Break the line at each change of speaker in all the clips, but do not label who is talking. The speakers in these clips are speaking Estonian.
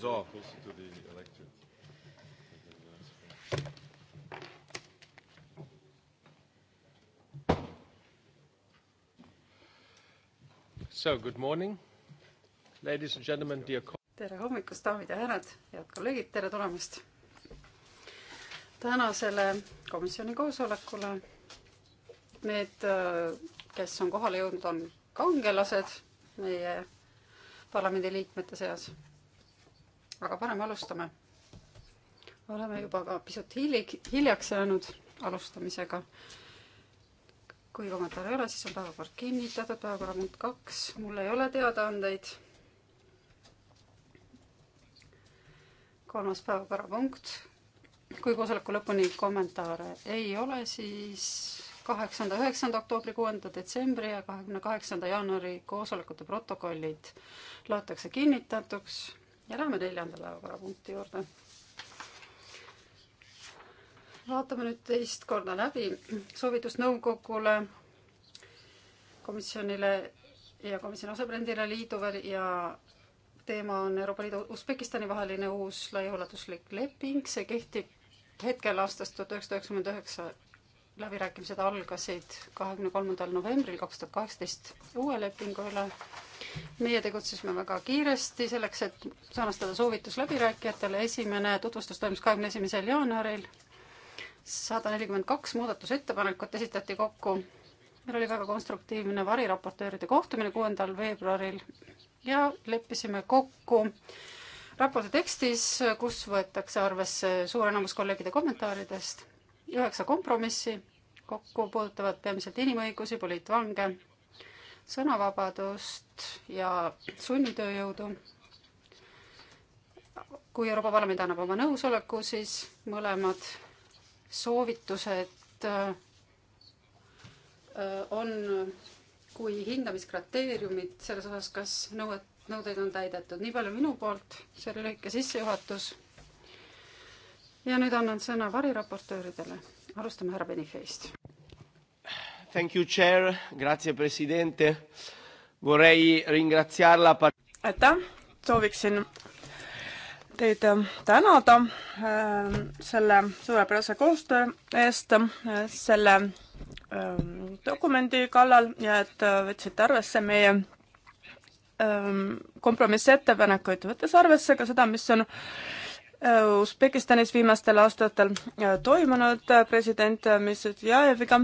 So. So, good morning, ladies and gentlemen, dear tere hommikust, daamid ja härrad, head kolleegid, tere tulemast tänasele komisjoni koosolekule. Need, äh, kes on kohale jõudnud, on kangelased meie parlamendiliikmete seas aga parem alustame. oleme juba ka pisut hilj-, hiljaks jäänud alustamisega. kui kommentaare ei ole, siis on päevakord kinnitatud, päevakorrapunkt kaks, mul ei ole teadaandeid. kolmas päevakorrapunkt, kui koosoleku lõpuni kommentaare ei ole, siis kaheksanda, üheksanda oktoobri, kuuenda detsembri ja kahekümne kaheksanda jaanuari koosolekute protokollid loetakse kinnitatuks ja läheme neljanda päevakorrapunkti juurde. vaatame nüüd teist korda läbi soovitust nõukogule, komisjonile ja komisjoni asepresidendile liiduväl ja teema on Euroopa Liidu Usbekistani vaheline uus laiaulatuslik leping, see kehtib hetkel aastast tuhat üheksasada üheksakümmend üheksa läbirääkimised algasid kahekümne kolmandal novembril kaks tuhat kaheksateist uue lepingu üle. meie tegutsesime väga kiiresti selleks, et sõnastada soovitus läbirääkijatele. esimene tutvustus toimus kahekümne esimesel jaanuaril. sada nelikümmend kaks muudatusettepanekut esitati kokku. meil oli väga konstruktiivne variraportööride kohtumine kuuendal veebruaril ja leppisime kokku raporti tekstis, kus võetakse arvesse suur enamus kolleegide kommentaaridest üheksa kompromissi, kokku puudutavad peamiselt inimõigusi, poliitvange, sõnavabadust ja sunnitööjõudu. kui Euroopa Parlament annab oma nõusoleku, siis mõlemad soovitused äh, äh, on kui hindamiskriteeriumid selles osas, kas nõuet, nõudeid on täidetud. nii palju minu poolt, see oli lühike sissejuhatus ja nüüd annan sõna variraportööridele. alustame härra Benifeist. Thank
you, chair, grazie, presidente. Vorrei ringraziarla. aitäh, sooviksin teid ähm, tänada ähm, selle suurepärase koostöö eest ähm, selle dokumendi kallal ja et äh, võtsite arvesse meie kompromissettepanekuid, võttes arvesse ka seda, mis on Äh, Usbekistanis viimastel aastatel äh, toimunud äh, president Missutjajeviga.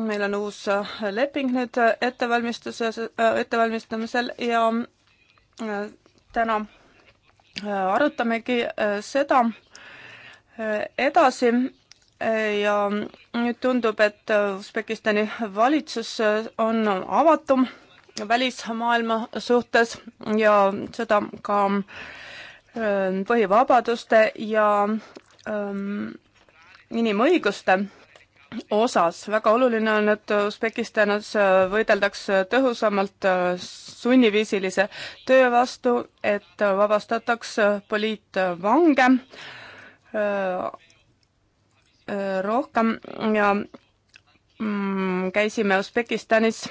meil on uus leping nüüd ettevalmistuses, ettevalmistamisel ja täna arutamegi seda edasi ja nüüd tundub, et Usbekistani valitsus on avatum välismaailma suhtes ja seda ka äh, Ähm, põhivabaduste ja ähm, inimõiguste osas. väga oluline on, et Usbekistanis äh, võideldaks tõhusamalt äh, sunniviisilise töö vastu, et äh, vabastataks poliitvange rohkem ja mm, käisime Usbekistanis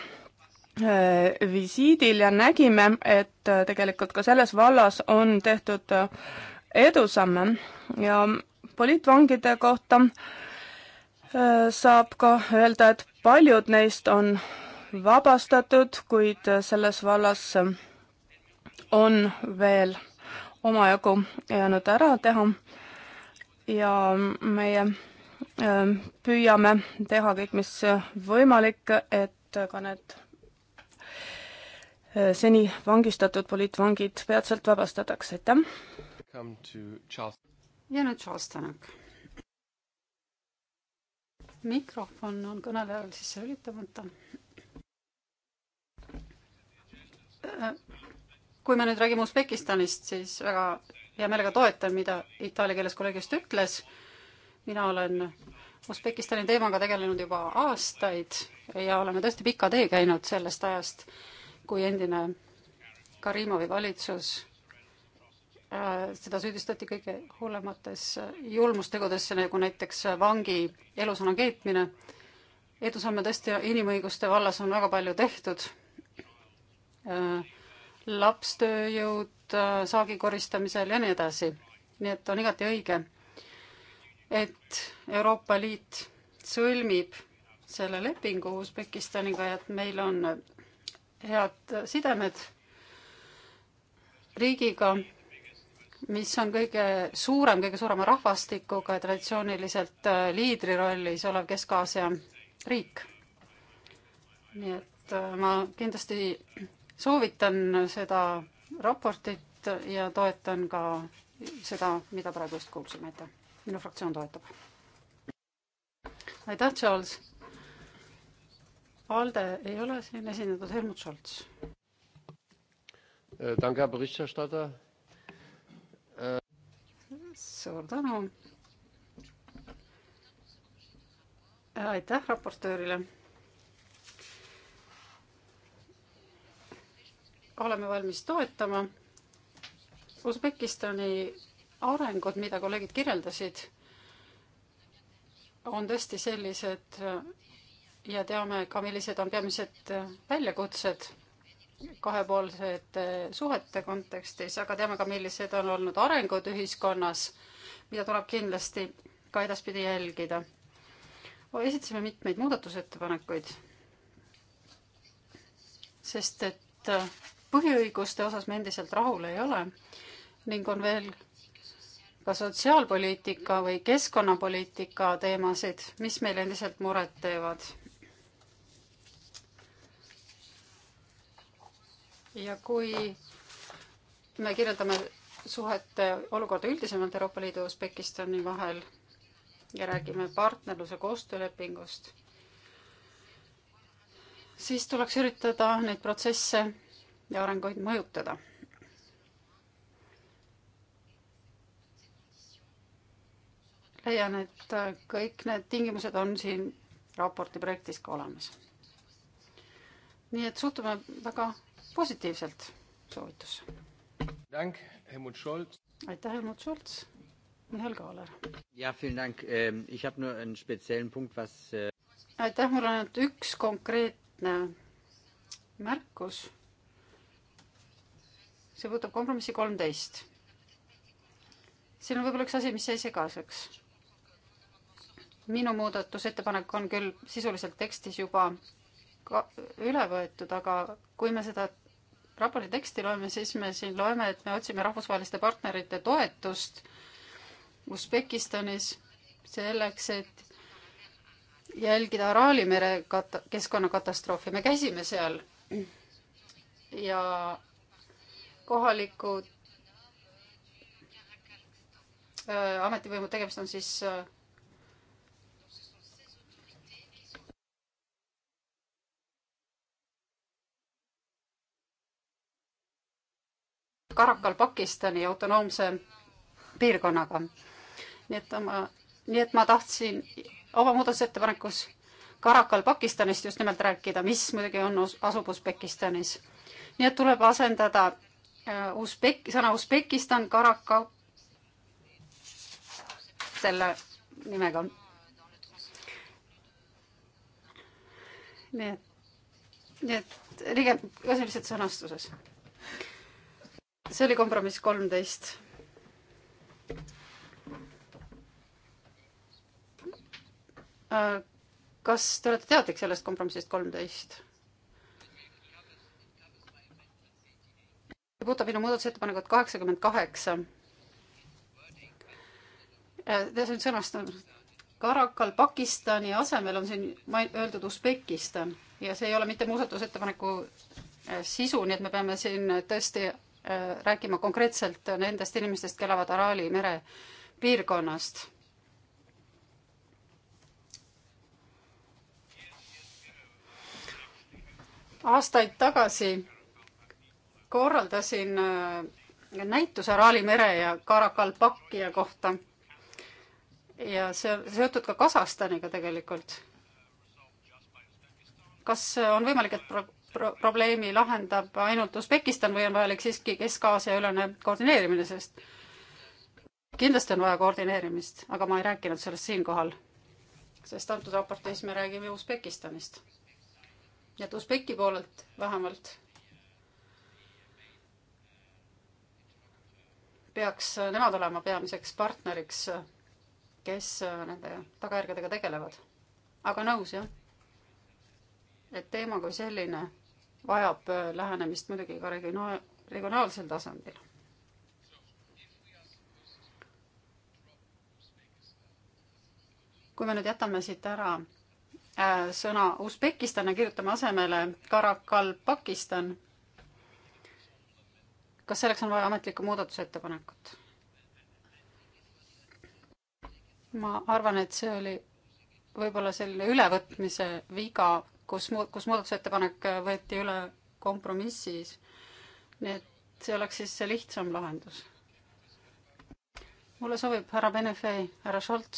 Äh, visiidil ja nägime, et äh, tegelikult ka selles vallas on tehtud äh, edusamme ja poliitvangide kohta saab ka öelda, et paljud neist on vabastatud, kuid selles vallas on veel omajagu jäänud ära teha ja meie püüame teha kõik, mis võimalik, et ka need Äh, seni vangistatud poliitvangid peatselt vabastatakse, aitäh!
ja nüüd Charles Tänak. mikrofon on kõnelejal sisse lülitamata. Äh, kui me nüüd räägime Usbekistanist, siis väga hea meelega toetan, mida itaalia keeles kolleeg just ütles. mina olen Usbekistani teemaga tegelenud juba aastaid ja oleme tõesti pika tee käinud sellest ajast kui endine Karimovi valitsus äh, seda süüdistati kõige hullemates äh, julmustegudesse, nagu näiteks äh, vangi elusana keetmine. edusamme tõesti inimõiguste vallas on väga palju tehtud. lapstööjõud saagi koristamisel ja nii edasi. nii et on igati õige, et Euroopa Liit sõlmib selle lepingu Usbekistaniga ja et meil on head sidemed riigiga, mis on kõige suurem, kõige suurema rahvastikuga ja traditsiooniliselt äh, liidrirollis olev Kesk-Aasia riik. nii et äh, ma kindlasti soovitan seda raportit ja toetan ka seda, mida praegu just kuulsime, aitäh. minu fraktsioon toetab. aitäh, Charles ALDE ei ole siin esindatud, Helmut Scholz. Äh, äh, suur tänu. aitäh raportöörile oleme valmis toetama Usbekistani arengut, mida kolleegid kirjeldasid, on tõesti sellised, ja teame ka, millised on peamised äh, väljakutsed kahepoolsete äh, suhete kontekstis, aga teame ka, millised on olnud arengud ühiskonnas, mida tuleb kindlasti ka edaspidi jälgida. esitasime mitmeid muudatusettepanekuid, sest et äh, põhiõiguste osas me endiselt rahul ei ole ning on veel ka sotsiaalpoliitika või keskkonnapoliitika teemasid, mis meile endiselt muret teevad ja kui me kirjeldame suhete olukorda üldisemalt Euroopa Liidu ja Usbekistani vahel ja räägime partnerluse koostöölepingust, siis tuleks üritada neid protsesse ja arenguid mõjutada. leian, et kõik need tingimused on siin raporti projektis ka olemas. nii et suhtume väga positiivselt soovitus. aitäh, Helmut Scholz. Mihhail Kaaler. Ähm, äh, aitäh, mul on ainult üks konkreetne märkus. see puudutab kompromissi kolmteist. siin on võib-olla üks asi, mis jäi segaseks. minu muudatusettepanek on küll sisuliselt tekstis juba ka üle võetud, aga kui me seda raporti teksti loeme, siis me siin loeme, et me otsime rahvusvaheliste partnerite toetust Usbekistanis selleks, et jälgida Araali mere kat-, keskkonnakatastroofi. me käisime seal ja kohalikud äh, ametivõimu, tegemist on siis äh, Karakal Pakistani autonoomse piirkonnaga. nii et oma, nii et ma tahtsin oma muudatusettepanekus Karakal Pakistanist just nimelt rääkida, mis muidugi on, asub Usbekistanis. nii et tuleb asendada Usbek-, sõna Usbekistan Karaka selle nimega. nii et, nii et ligem-, ka sellises sõnastuses see oli kompromiss kolmteist. Äh, kas te olete teadlik sellest kompromissist kolmteist? puudutab minu muudatusettepanekut kaheksakümmend kaheksa. see äh, on sõnastatud Karakal Pakistani asemel on siin öeldud Usbekistan ja see ei ole mitte muudatusettepaneku äh, sisu, nii et me peame siin tõesti Äh, rääkima konkreetselt nendest inimestest, kes elavad Araali mere piirkonnast. aastaid tagasi korraldasin äh, näituse Araali mere ja Karakalpakia kohta. ja see on seotud ka Kasahstaniga tegelikult. kas on võimalik, et pro probleemi lahendab ainult Usbekistan või on vajalik siiski Kesk-Aasia ülene koordineerimine, sest kindlasti on vaja koordineerimist, aga ma ei rääkinud sellest siinkohal, sest antud raportis me räägime Usbekistanist. nii et Usbeki poolelt vähemalt peaks nemad olema peamiseks partneriks, kes nende tagajärgedega tegelevad. aga nõus, jah et teema kui selline vajab äh, lähenemist muidugi ka regionaal, regionaalsel tasandil. kui me nüüd jätame siit ära äh, sõna Usbekistan ja kirjutame asemele Karakal Pakistan, kas selleks on vaja ametlikku muudatusettepanekut? ma arvan, et see oli võib-olla selline ülevõtmise viga kus mu-, kus muudatusettepanek äh, võeti üle kompromissis. nii et see oleks siis see lihtsam lahendus. mulle sobib härra Benefei, härra Scholz.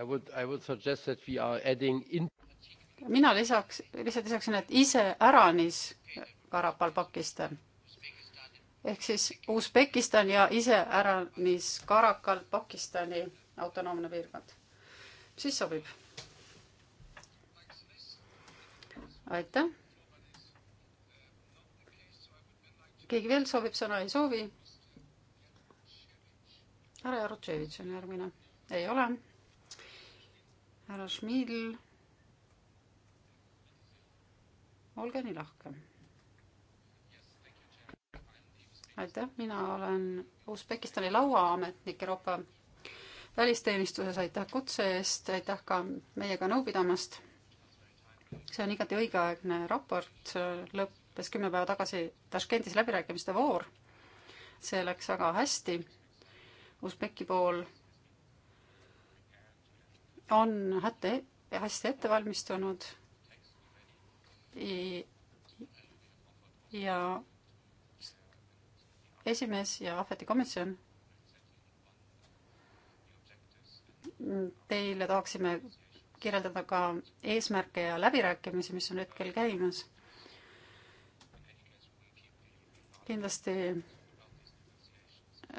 I would, I would suggest that we are adding in mina lisaks, lihtsalt lisaksin, et ise äranis Karapalpakistan. ehk siis Usbekistan ja ise äranis Karakal Pakistani autonoomne piirkond. siis sobib aitäh. keegi veel soovib sõna, ei soovi? härra Jarutševitš on järgmine, ei ole. härra Šmil. olge nii lahke. aitäh, mina olen Usbekistani lauaametnik Euroopa välisteenistuses, aitäh kutse eest, aitäh ka meiega nõu pidamast see on igati õigeaegne raport, lõppes kümme päeva tagasi Taškendis läbirääkimiste voor. see läks väga hästi. Usbeki pool on hätte, hästi ette valmistunud. ja esimees ja ahvetikomisjon teile tahaksime kirjeldada ka eesmärke ja läbirääkimisi, mis on hetkel käimas. kindlasti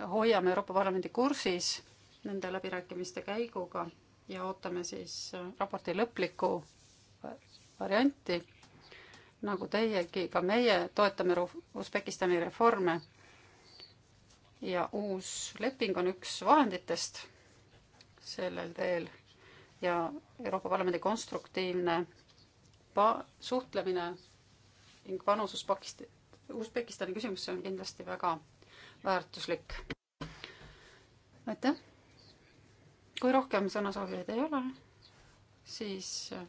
hoiame Euroopa Parlamendi kursis nende läbirääkimiste käiguga ja ootame siis raporti lõplikku varianti. nagu teiegi, ka meie toetame Usbekistani reforme. ja uus leping on üks vahenditest sellel teel ja Euroopa Parlamendi konstruktiivne pa-, suhtlemine ning panusus Pakist-, Usbekistani küsimusse on kindlasti väga väärtuslik. aitäh! kui rohkem sõnasoovijaid ei ole, siis äh,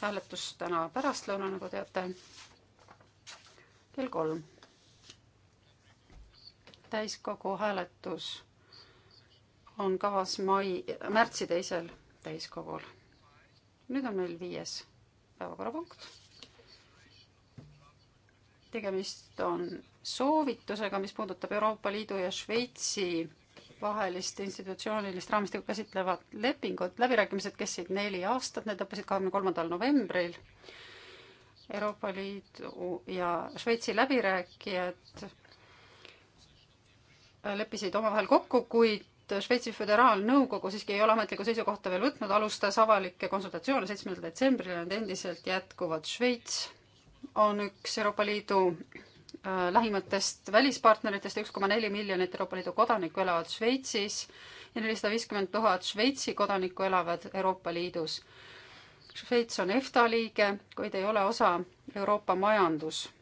hääletus täna pärastlõunal, nagu teate, kell kolm. täiskogu hääletus on kavas mai, märtsi teisel täiskogul. nüüd on meil viies päevakorrapunkt. tegemist on soovitusega, mis puudutab Euroopa Liidu ja Šveitsi vahelist institutsioonilist raamistikku käsitlevat lepingut. läbirääkimised kestsid neli aastat, need lõppesid kahekümne kolmandal novembril. Euroopa Liidu ja Šveitsi läbirääkijad leppisid omavahel kokku, kuid et Šveitsi Föderaalnõukogu siiski ei ole ametlikku seisukohta veel võtnud, alustas avalikke konsultatsioone seitsmendal detsembril ja need endiselt jätkuvad. Šveits on üks Euroopa Liidu äh, lähimatest välispartneritest, üks koma neli miljonit Euroopa Liidu kodanikku elavad Šveitsis ja nelisada viiskümmend tuhat Šveitsi kodanikku elavad Euroopa Liidus. Šveits on EFTA liige, kuid ei ole osa Euroopa majandusalast.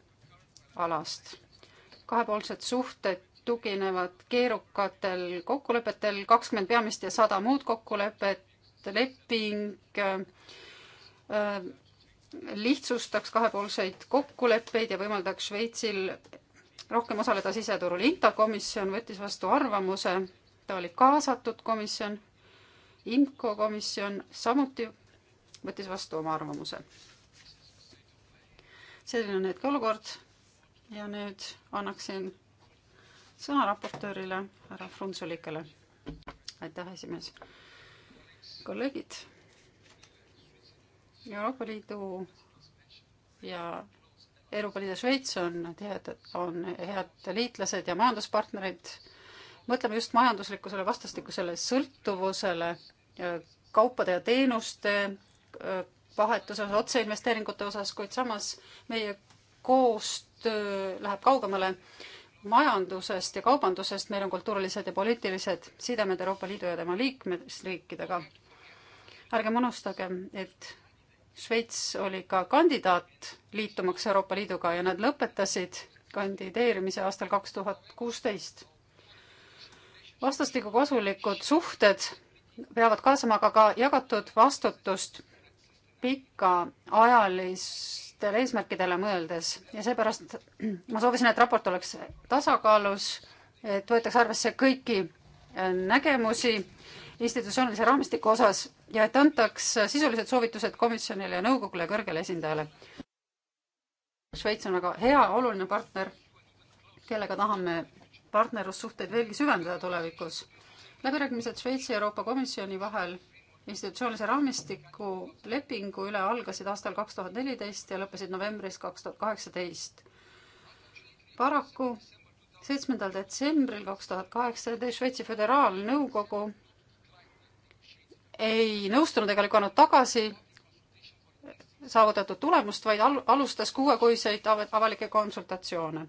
kahepoolsed suhted tuginevad keerukatel kokkulepetel, kakskümmend peamist ja sada muud kokkulepet, leping äh, lihtsustaks kahepoolseid kokkuleppeid ja võimaldaks Šveitsil rohkem osaleda siseturul. INTA komisjon võttis vastu arvamuse, ta oli kaasatud komisjon, IMCO komisjon samuti võttis vastu oma arvamuse. selline on hetkeolukord ja nüüd annaksin sõna raportöörile, härra Frunzulikele. aitäh, esimees. kolleegid. Euroopa Liidu ja Euroopa Liit ja Šveits on tihedad, on head liitlased ja majanduspartnerid. mõtleme just majanduslikkusele, vastastikusele sõltuvusele, kaupade ja teenuste äh, vahetuse osas, otseinvesteeringute osas, kuid samas meie koostöö läheb kaugemale majandusest ja kaubandusest, meil on kultuurilised ja poliitilised sidemed Euroopa Liidu ja tema liikmesriikidega. ärgem unustagem, et Šveits oli ka kandidaat liitumaks Euroopa Liiduga ja nad lõpetasid kandideerimise aastal kaks tuhat kuusteist. vastastikku kasulikud suhted peavad kaasama aga ka jagatud vastutust pikaajalist poliitilistele eesmärkidele mõeldes ja seepärast ma soovisin, et raport oleks tasakaalus, et võetaks arvesse kõiki äh, nägemusi institutsioonilise raamistiku osas ja et antaks sisulised soovitused komisjonile ja nõukogule ja kõrgele esindajale. Šveits on väga hea, oluline partner, kellega tahame partnerlussuhteid veelgi süvendada tulevikus. läbirääkimised Šveitsi ja Euroopa Komisjoni vahel institutsioonilise raamistiku lepingu üle algasid aastal kaks tuhat neliteist ja lõppesid novembris kaks tuhat kaheksateist. paraku seitsmendal detsembril kaks tuhat kaheksateist Šveitsi Föderaalnõukogu ei nõustunud ega lükanud tagasi saavutatud tulemust, vaid al-, alustas kuuekuiseid av-, avalikke konsultatsioone.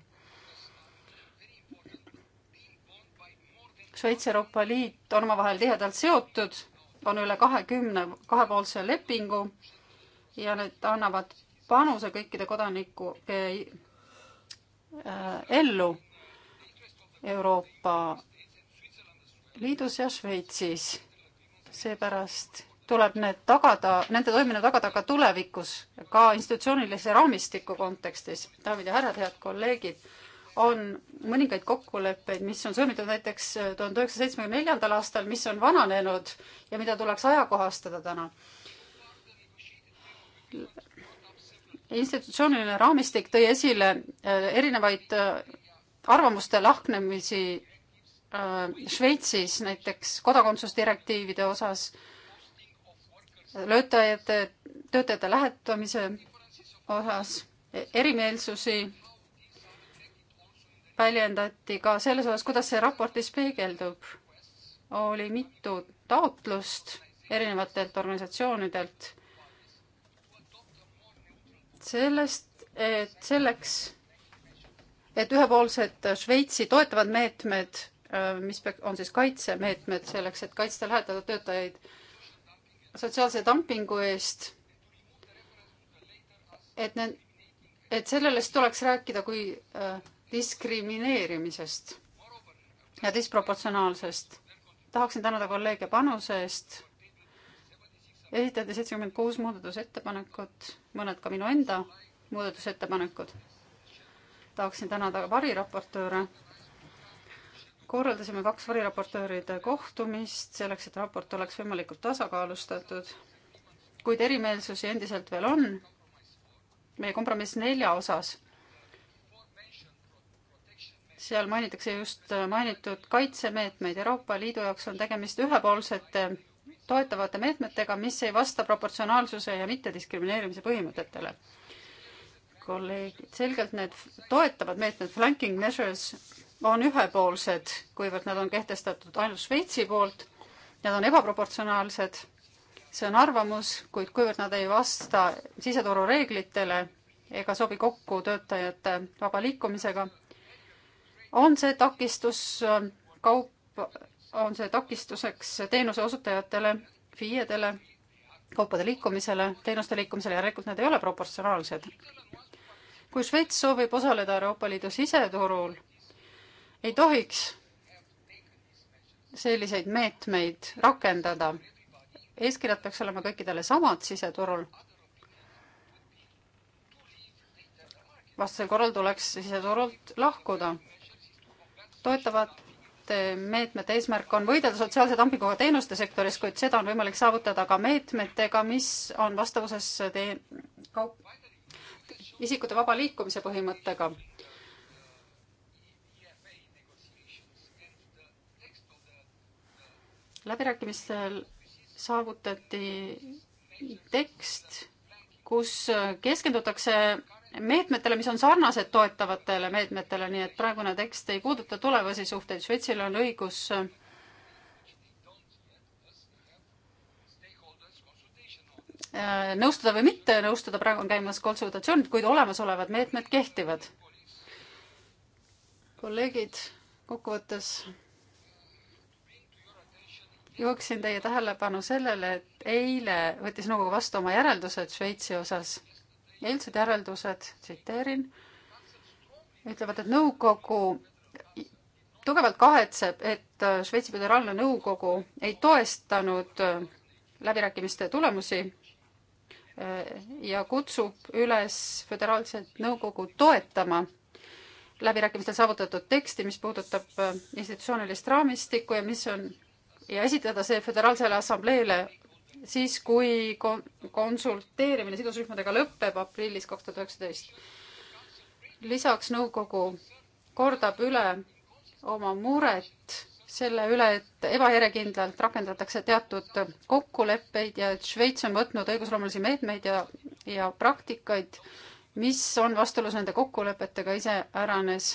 Šveits ja Euroopa Liit on omavahel tihedalt seotud on üle kahekümne kahepoolse lepingu ja need annavad panuse kõikide kodanike eh, ellu Euroopa Liidus ja Šveitsis. seepärast tuleb need tagada, nende toimimine tagada ka tulevikus, ka institutsioonilise raamistiku kontekstis. daamid ja härrad, head kolleegid on mõningaid kokkuleppeid, mis on sõlmitud näiteks äh, tuhande üheksasaja seitsmekümne neljandal aastal, mis on vananenud ja mida tuleks ajakohastada täna. institutsiooniline raamistik tõi esile äh, erinevaid äh, arvamuste lahknemisi Šveitsis näiteks kodakondsusdirektiivide osas, löötajate, töötajate lähetamise osas, e-, erimeelsusi väljendati ka selles osas, kuidas see raportis peegeldub. oli mitu taotlust erinevatelt organisatsioonidelt sellest, et selleks, et ühepoolsed Šveitsi toetavad meetmed, mis on siis kaitsemeetmed selleks, et kaitsta lähetatud töötajaid sotsiaalse dumpingu eest, et need, et sellest tuleks rääkida kui äh, diskrimineerimisest ja disproportsionaalsest. tahaksin tänada kolleege panuse eest. esitati seitsekümmend kuus muudatusettepanekut, mõned ka minu enda muudatusettepanekud. tahaksin tänada variraportööre. korraldasime kaks variraportööride kohtumist selleks, et raport oleks võimalikult tasakaalustatud. kuid erimeelsusi endiselt veel on. meie kompromiss nelja osas seal mainitakse just äh, mainitud kaitsemeetmeid. Euroopa Liidu jaoks on tegemist ühepoolsete toetavate meetmetega, mis ei vasta proportsionaalsuse ja mittediskrimineerimise põhimõtetele. kolleegid, selgelt need toetavad meetmed, flanking measures, on ühepoolsed, kuivõrd nad on kehtestatud ainult Šveitsi poolt. Nad on ebaproportsionaalsed. see on arvamus, kuid kuivõrd nad ei vasta siseturu reeglitele ega sobi kokku töötajate vaba liikumisega on see takistus, kaup, on see takistuseks teenuse osutajatele, FIE-dele, kaupade liikumisele, teenuste liikumisele, järelikult need ei ole proportsionaalsed. kui Šveits soovib osaleda Euroopa Liidu siseturul, ei tohiks selliseid meetmeid rakendada. eeskirjad peaks olema kõikidele samad siseturul. vastasel korral tuleks siseturult lahkuda toetavate meetmete eesmärk on võidelda sotsiaalse dumpinguga teenuste sektoris, kuid seda on võimalik saavutada ka meetmetega, mis on vastavuses tee-, kaup-, isikute vaba liikumise põhimõttega. läbirääkimistel saavutati tekst, kus keskendutakse meetmetele, mis on sarnased toetavatele meetmetele, nii et praegune tekst ei puuduta tulevasi suhteid. Šveitsil on õigus äh, nõustuda või mitte nõustuda, praegu on käimas konsultatsioonid, kuid olemasolevad meetmed kehtivad. kolleegid, kokkuvõttes jõuaksin teie tähelepanu sellele, et eile võttis nõukogu vastu oma järeldused Šveitsi osas eilsed järeldused, tsiteerin, ütlevad, et nõukogu tugevalt kahetseb, et äh, Šveitsi Föderaalne Nõukogu ei toestanud äh, läbirääkimiste tulemusi äh, ja kutsub üles Föderaalset Nõukogu toetama läbirääkimistel saavutatud teksti, mis puudutab institutsioonilist raamistikku ja mis on ja esitada see Föderaalsele Assambleele siis, kui konsulteerimine sidusrühmadega lõpeb aprillis kaks tuhat üheksateist. lisaks nõukogu kordab üle oma muret selle üle, et ebajärjekindlalt rakendatakse teatud kokkuleppeid ja et Šveits on võtnud õigusloomulisi meetmeid ja, ja praktikaid, mis on vastuolus nende kokkulepetega iseäranes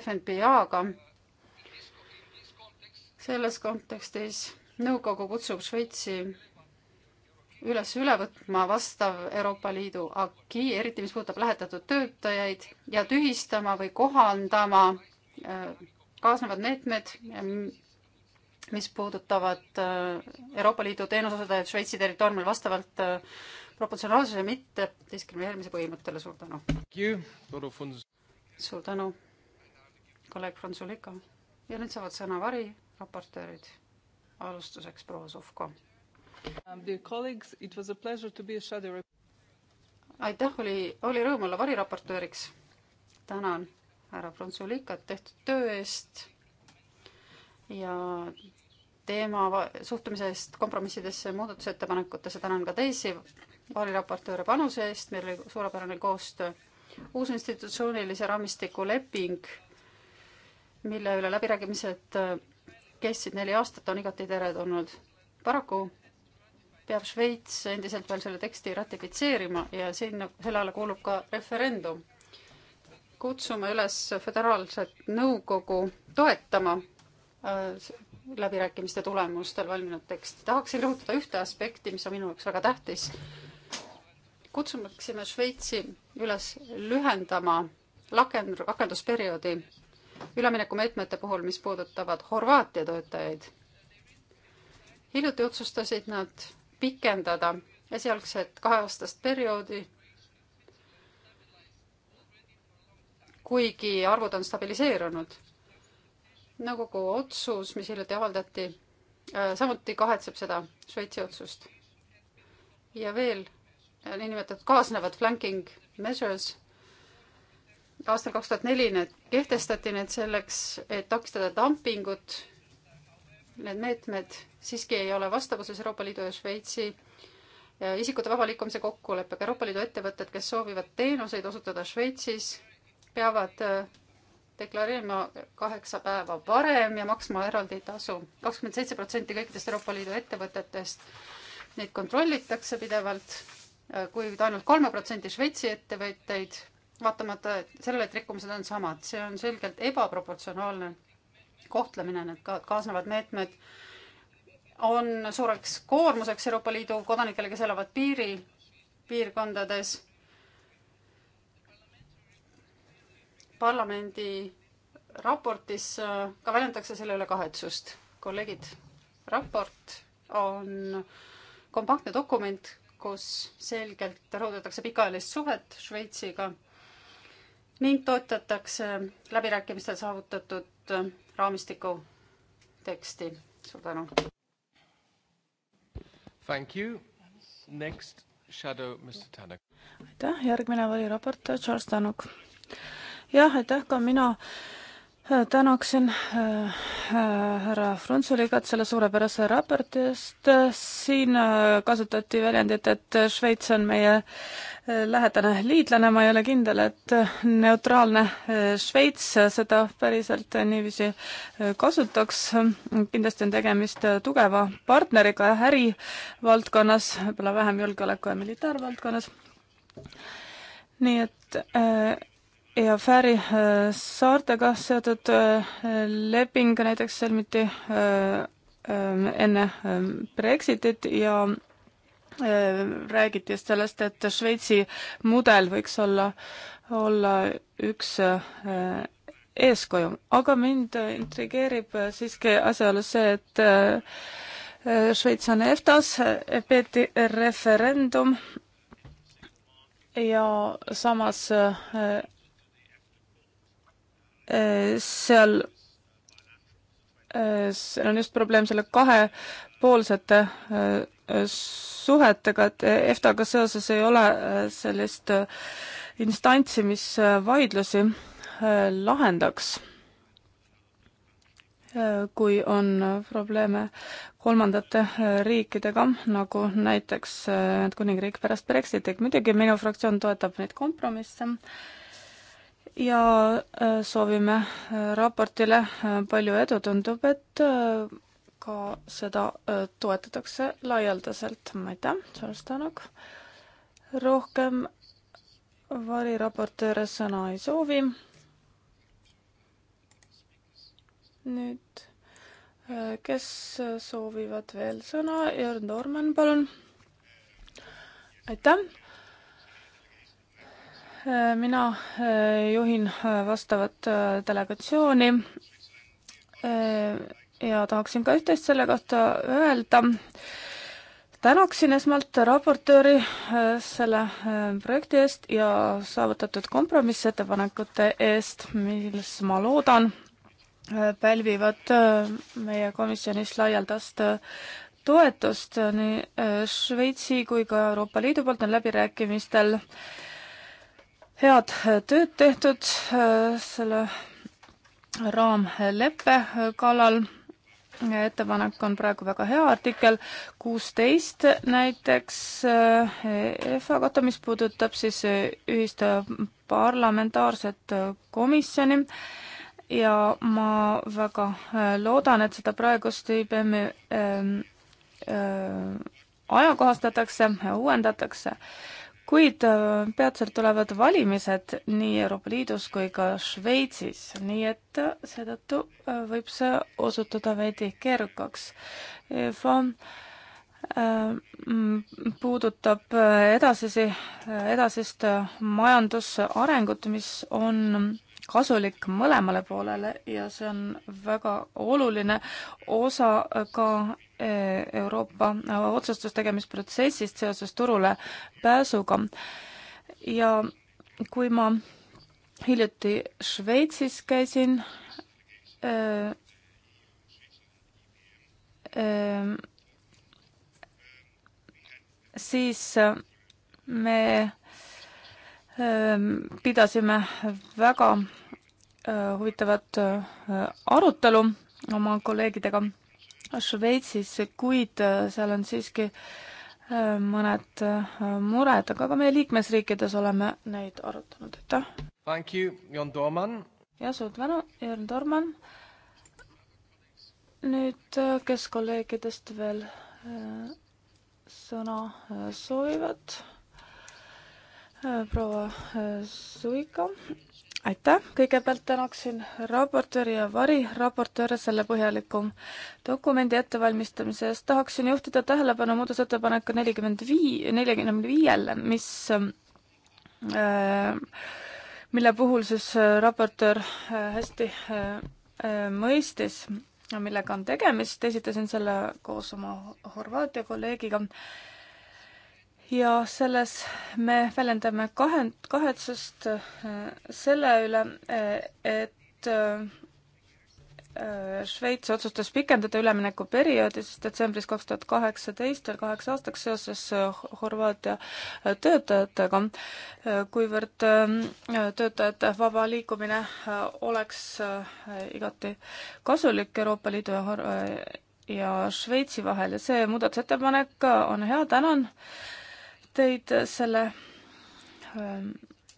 FNPA-ga. selles kontekstis nõukogu kutsub Šveitsi üles üle võtma vastav Euroopa Liidu aki, eriti mis puudutab lähetatud töötajaid ja tühistama või kohandama äh, kaasnevad meetmed, mis puudutavad äh, Euroopa Liidu teenuseosutajaid Šveitsi territooriumil vastavalt äh, proportsionaalsuse mitte diskrimineerimise põhimõttele. suur tänu. suur tänu, kolleeg Franzulika. ja nüüd saavad sõna variraportöörid. alustuseks proua Suvko Um, aitäh, oli, oli rõõm olla variraportööriks. tänan härra Frunzulikat tehtud töö eest ja teema suhtumise eest kompromissidesse, muudatusettepanekutesse, tänan ka teisi variraportööre panuse eest, meil oli suurepärane koostöö. uus institutsioonilise raamistiku leping, mille üle läbirääkimised kestsid neli aastat, on igati teretulnud. paraku peab Šveits endiselt veel selle teksti ratifitseerima ja sinna, selle alla kuulub ka referendum. kutsume üles föderaalset nõukogu toetama äh, läbirääkimiste tulemustel valminud teksti. tahaksin rõhutada ühte aspekti, mis on minu jaoks väga tähtis. kutsumaksime Šveitsi üles lühendama laken-, rakendusperioodi üleminekumeetmete puhul, mis puudutavad Horvaatia töötajaid. hiljuti otsustasid nad pikendada esialgset kaheaastast perioodi. kuigi arvud on stabiliseerunud. nõukogu otsus, mis hiljuti avaldati, äh, samuti kahetseb seda Šveitsi otsust. ja veel äh, niinimetatud kaasnevad flanking measures aastal kaks tuhat neli need kehtestati need selleks, et takistada dumpingut need meetmed siiski ei ole vastavuses Euroopa Liidu ja Šveitsi isikute vaba liikumise kokkuleppega. Euroopa Liidu ettevõtted, kes soovivad teenuseid osutada Šveitsis, peavad äh, deklareerima kaheksa päeva varem ja maksma eraldi tasu. kakskümmend seitse protsenti kõikidest Euroopa Liidu ettevõtetest, neid kontrollitakse pidevalt, äh, kuid ainult kolme protsendi Šveitsi ettevõtteid, vaatamata sellele, et rikkumised on samad, see on selgelt ebaproportsionaalne kohtlemine, need ka kaasnevad meetmed on suureks koormuseks Euroopa Liidu kodanikele, kes elavad piiri, piirkondades. parlamendi raportis äh, ka väljendatakse selle üle kahetsust. kolleegid, raport on kompaktne dokument, kus selgelt rõhutatakse pikaajalist suhet Šveitsiga ning toetatakse läbirääkimistel saavutatud pakutud äh, raamistiku teksti. suur tänu. Thank you. Next shadow Mr Tanuk.
aitäh, järgmine valiraportöör Charles Tanuk. jah, aitäh ka mina tänaksin äh, äh, härra Frunzuligat selle suurepärase raporti eest. siin äh, kasutati väljendit, et Šveits on meie lähedane liitlane, ma ei ole kindel, et neutraalne Šveits seda päriselt niiviisi kasutaks. kindlasti on tegemist tugeva partneriga ärivaldkonnas, võib-olla vähem julgeoleku ja militaarvaldkonnas. nii et ja Fääri äh, saartega seotud äh, leping näiteks sõlmiti äh, ähm, enne ähm, Brexitit ja räägiti just sellest, et Šveitsi mudel võiks olla, olla üks eeskuju, aga mind intrigeerib siiski asjaolu see, et Šveits on EFTA-s, peeti referendum ja samas Äh, seal, äh, seal on just probleem selle kahepoolsete äh, suhetega, et EFTA-ga seoses ei ole sellist instantsi, mis vaidlusi lahendaks. kui on probleeme kolmandate riikidega, nagu näiteks Ühendkuningriik pärast Brexitit, muidugi minu fraktsioon toetab neid kompromisse ja äh, soovime äh, raportile äh, palju edu, tundub, et ka seda toetatakse laialdaselt. aitäh, Charles Tanok. rohkem variraportööre sõna ei soovi. nüüd, kes soovivad veel sõna? Jörn Toormann, palun. aitäh Äh, mina äh, juhin äh, vastavat delegatsiooni ja tahaksin ka üht-teist selle kohta öelda. tänaksin esmalt raportööri selle projekti eest ja saavutatud kompromissettepanekute eest, mis ma loodan, pälvivad meie komisjonis laialdast toetust nii Šveitsi kui ka Euroopa Liidu poolt on läbirääkimistel äh, head äh, tööd tehtud äh, selle äh, raamleppe kallal. ettepanek on praegu väga hea, artikkel kuusteist näiteks EFA kohta, mis puudutab siis ühist parlamentaarset komisjoni ja ma väga loodan, et seda praegust IBM-i ajakohastatakse, uuendatakse äh, kuid äh, peatselt tulevad valimised nii Euroopa Liidus kui ka Šveitsis, nii et äh, seetõttu äh, võib see osutuda veidi keerukaks. EFA mm, puudutab edasisi, edasist majandusarengut, mis on kasulik mõlemale poolele ja see on väga oluline osa ka eh, Euroopa äh, otsustustegemisprotsessist seoses turule pääsuga. ja kui ma hiljuti Šveitsis käisin, äh, äh, siis me pidasime väga huvitavat arutelu oma kolleegidega Šveitsis, kuid seal on siiski mõned mured, aga ka meie liikmesriikides oleme neid arutanud,
aitäh! Thank you, Jon Tooman!
ja suur tänu, Jörn Tormann! nüüd, kes kolleegidest veel sõna soovivad? Äh, proua äh, Suiga, aitäh, kõigepealt tänaksin raportööri ja variraportööre selle põhjaliku dokumendi ettevalmistamise eest. tahaksin juhtida tähelepanu muudatusettepaneku nelikümmend vii-, neljakümne viiele, mis äh, mille puhul siis raportöör hästi mõistis, millega on tegemist, esitasin selle koos oma Horvaatia kolleegiga ja selles me väljendame kahe, kahetsust äh, selle üle, äh, et äh, Šveits otsustas pikendada üleminekuperioodi siis detsembris kaks tuhat kaheksateist veel kaheks aastaks seoses Horvaatia töötajatega, kuivõrd ähm, töötajate vaba liikumine oleks igati kasulik Euroopa Liidu ja Horvaatia ja Šveitsi vahel ja see muudatusettepanek on hea, tänan teid selle ähm,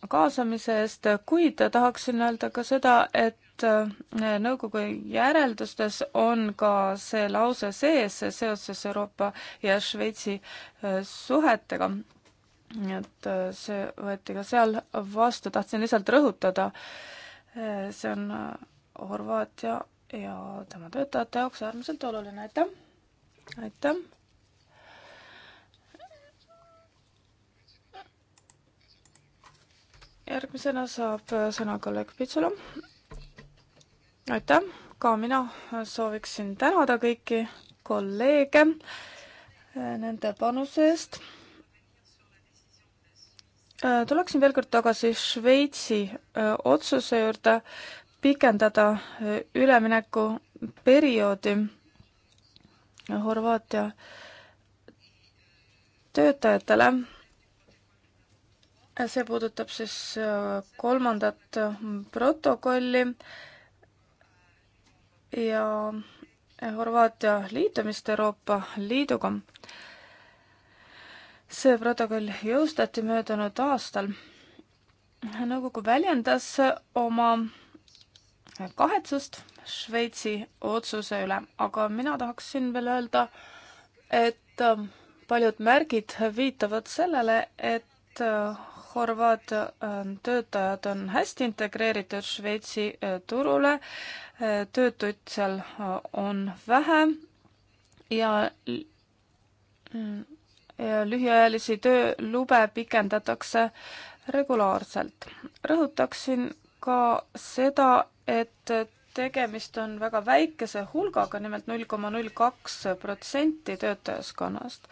kaasamise eest, kuid tahaksin öelda ka seda, et äh, nõukogu järeldustes on ka see lause sees seoses Euroopa ja Šveitsi äh, suhetega. nii et äh, see võeti ka seal vastu, tahtsin lihtsalt rõhutada, see on Horvaatia ja tema töötajate jaoks äärmiselt oluline, aitäh! aitäh! järgmisena saab sõna kolleeg Pitsula. aitäh, ka mina sooviksin tänada kõiki kolleege eh, nende panuse eest. Eh, tuleksin veel kord tagasi Šveitsi eh, otsuse juurde pikendada üleminekuperioodi Horvaatia töötajatele see puudutab siis äh, kolmandat äh, protokolli ja äh, Horvaatia liitumist Euroopa Liiduga. see protokoll jõustati möödunud aastal. nõukogu väljendas oma kahetsust Šveitsi otsuse üle, aga mina tahaksin veel öelda, et paljud märgid viitavad sellele, et Horvaatia ähm, töötajad on hästi integreeritud Šveitsi äh, turule, äh, töötuid seal äh, on vähe ja mm, ja lühiajalisi töölube pikendatakse regulaarselt. rõhutaksin ka seda, et tegemist on väga väikese hulgaga, nimelt null koma null kaks protsenti töötajaskonnast.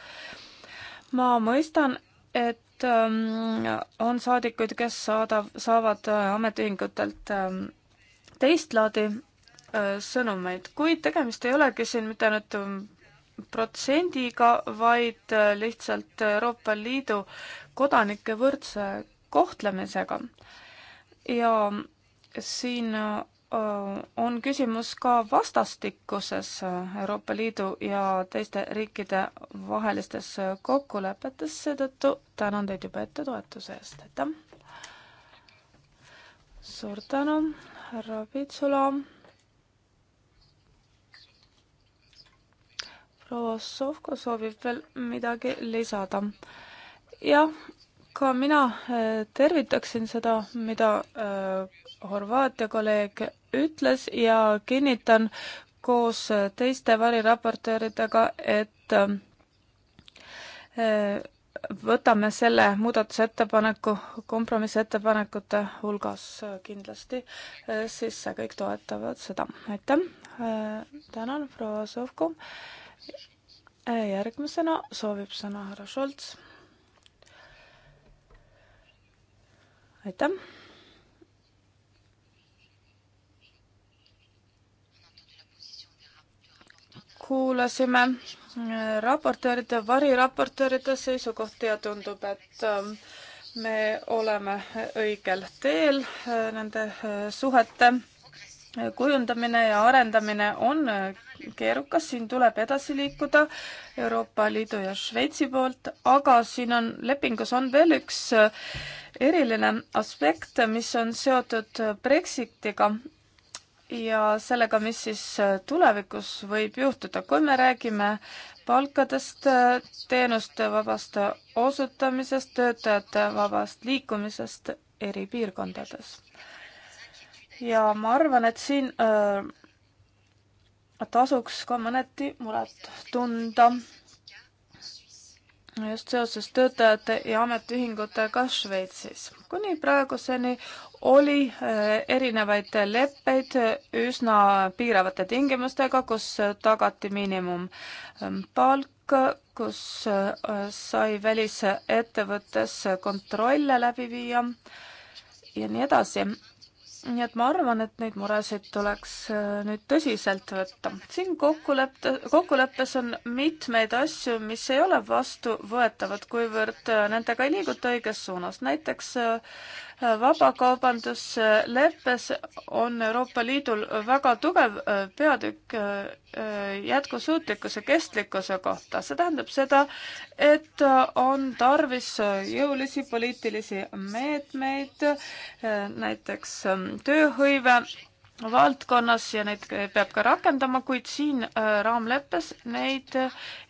ma mõistan, et Ähm, on saadikuid, kes saadav, saavad äh, ametiühingutelt ähm, teist laadi äh, sõnumeid, kuid tegemist ei olegi siin mitte ainult ähm, protsendiga, vaid äh, lihtsalt Euroopa Liidu kodanike võrdse kohtlemisega. ja siin on küsimus ka vastastikuses Euroopa Liidu ja teiste riikide vahelistes kokkulepetes, seetõttu tänan teid juba ette toetuse eest, aitäh! suur tänu, härra Pitsula! proua Sovko soovib veel midagi lisada. jah, ka mina eh, tervitaksin seda, mida äh, Horvaatia kolleeg ütles ja kinnitan koos teiste variraportööridega, et äh, võtame selle muudatusettepaneku kompromissettepanekute hulgas kindlasti äh, sisse, kõik toetavad seda. aitäh, äh, tänan, proua Sovko. järgmisena soovib sõna härra Šolts. aitäh kuulasime äh, raportööride, variraportööride seisukohti ja tundub, et äh, me oleme õigel teel äh, nende suhete kujundamine ja arendamine on keerukas, siin tuleb edasi liikuda Euroopa Liidu ja Šveitsi poolt, aga siin on, lepingus on veel üks eriline aspekt, mis on seotud Brexitiga ja sellega, mis siis äh, tulevikus võib juhtuda, kui me räägime palkadest, äh, teenuste vabast osutamisest, töötajate vabast liikumisest eri piirkondades. ja ma arvan, et siin äh, tasuks ka mõneti muret tunda just seoses töötajate ja ametiühingutega Šveitsis. kuni praeguseni oli eh, erinevaid leppeid üsna piiravate tingimustega, kus tagati miinimumpalk, ehm, kus eh, sai välisettevõttes kontrolle läbi viia ja nii edasi nii et ma arvan, et neid muresid tuleks äh, nüüd tõsiselt võtta. siin kokkuleppe, kokkuleppes on mitmeid asju, mis ei ole vastuvõetavad, kuivõrd äh, nendega ei liiguta õiges suunas. näiteks äh, vabakaubandusleppes on Euroopa Liidul väga tugev äh, peatükk äh, äh, jätkusuutlikkuse kestlikkuse kohta. see tähendab seda, et on tarvis jõulisi poliitilisi meetmeid, näiteks ähm, tööhõive valdkonnas ja neid peab ka rakendama, kuid siin raamleppes neid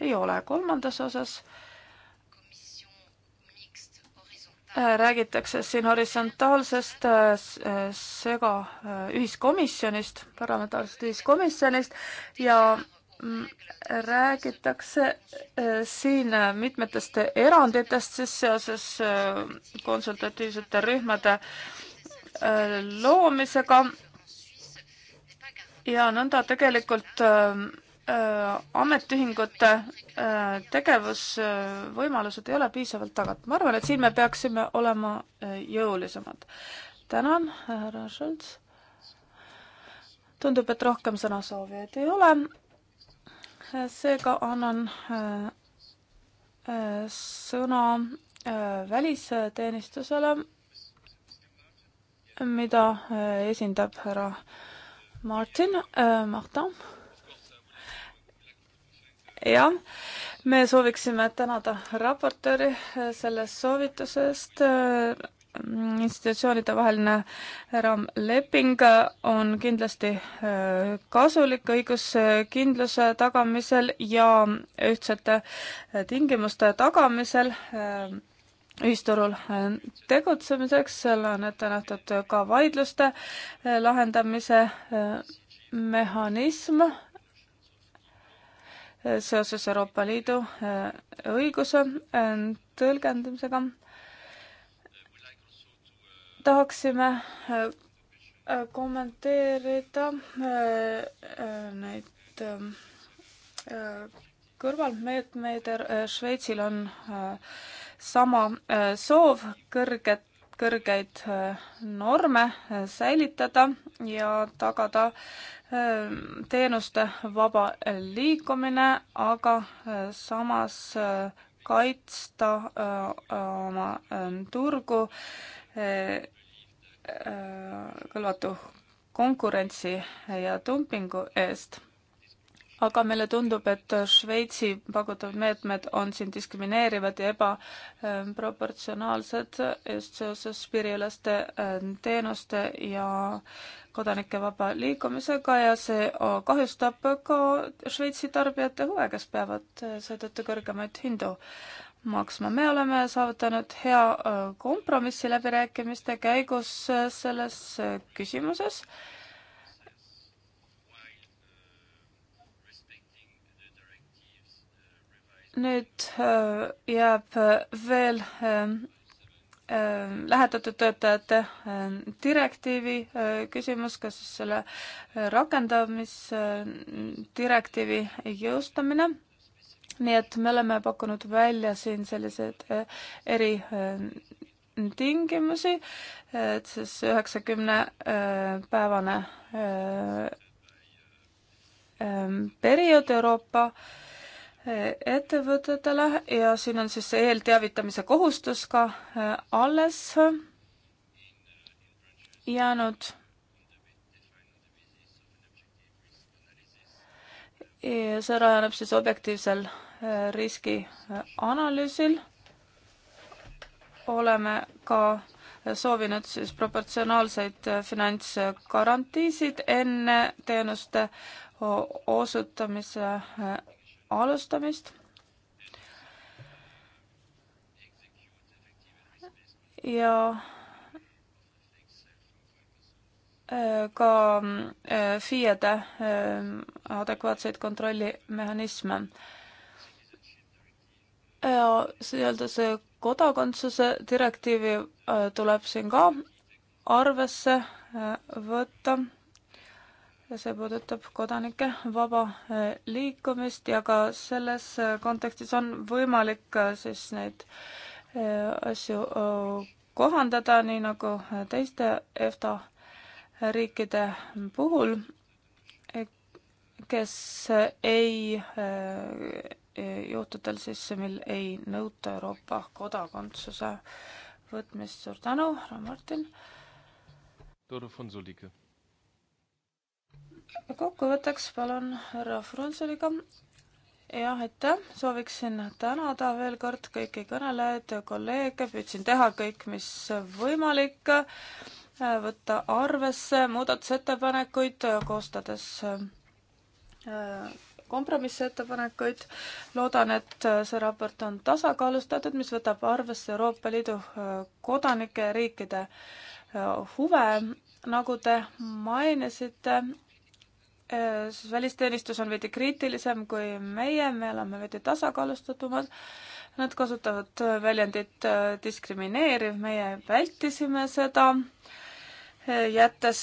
ei ole. kolmandas osas äh, Äh, räägitakse siin horisontaalsest äh, äh, sega ühiskomisjonist, parlamentaarsest ühiskomisjonist ja mm, räägitakse siin mitmetest eranditest siis seoses konsultatiivsete rühmade loomisega ja nõnda tegelikult ähm, Äh, ametiühingute äh, tegevusvõimalused ei ole piisavalt tagatud. ma arvan, et siin me peaksime olema äh, jõulisemad. tänan, härra Schultz. tundub, et rohkem sõnasoovijaid ei ole. seega annan sõna välisteenistusele, mida esindab härra Martin Martin jah, me sooviksime tänada raportööri äh, selle soovituse eest. Äh, institutsioonide vaheline raamleping on kindlasti äh, kasulik õiguskindluse tagamisel ja ühtsete tingimuste tagamisel ühisturul tegutsemiseks, seal on ette nähtud ka vaidluste lahendamise mehhanism seoses Euroopa Liidu eh, õiguse eh, tõlgendamisega. tahaksime eh, kommenteerida neid kõrvalmeetmeid. Šveitsil on sama soov kõrget, kõrgeid norme säilitada ja tagada teenuste vaba liikumine, aga samas kaitsta oma turgu kõlvatu konkurentsi ja dumpingu eest aga meile tundub, et Šveitsi pakutavad meetmed on siin diskrimineerivad ja ebaproportsionaalsed äh, just seoses piiriüleste äh, teenuste ja kodanike vaba liikumisega ja see äh, kahjustab ka Šveitsi tarbijate huve, kes peavad seetõttu kõrgemaid hindu maksma. me oleme saavutanud hea kompromissi läbirääkimiste käigus selles küsimuses nüüd äh, jääb äh, veel ähm, äh, lähetatud töötajate direktiivi küsimus, kas siis selle rakendamisdirektiivi jõustamine. nii et me oleme pakkunud välja siin sellised eri tingimusi, et siis üheksakümne päevane periood Euroopa äh, ettevõtetele ja siin on siis see eelteavitamise kohustus ka äh, alles jäänud. ja see rajaneb siis objektiivsel äh, riskianalüüsil. Äh, oleme ka soovinud siis proportsionaalseid finantsgarantiisid enne teenuste osutamise alustamist ja äh, ka äh, FIE-de äh, adekvaatseid kontrollimehhanisme. ja nii-öelda see kodakondsuse direktiivi tuleb siin ka arvesse võtta see puudutab kodanike vaba eh, liikumist ja ka selles eh, kontekstis on võimalik eh, siis neid asju kohandada, nii nagu teiste EFTA riikide puhul, kes ei, juhtudel siis, mil ei nõuta Euroopa kodakondsuse võtmist. suur tänu, härra Martin.
Tõnu Fonsulike
kokkuvõtteks palun härra Frunzeliga. jah, aitäh, sooviksin tänada veel kord kõiki kõnelejaid ja kolleege, püüdsin teha kõik, mis võimalik, äh, võtta arvesse muudatusettepanekuid, äh, koostades äh, kompromissettepanekuid. loodan, et see raport on tasakaalustatud, mis võtab arvesse Euroopa Liidu kodanike ja riikide huve. nagu te mainisite, Äh, välisteenistus on veidi kriitilisem kui meie, me oleme veidi tasakaalustatumad. Nad kasutavad äh, väljendit äh, diskrimineeriv, meie vältisime seda, jättes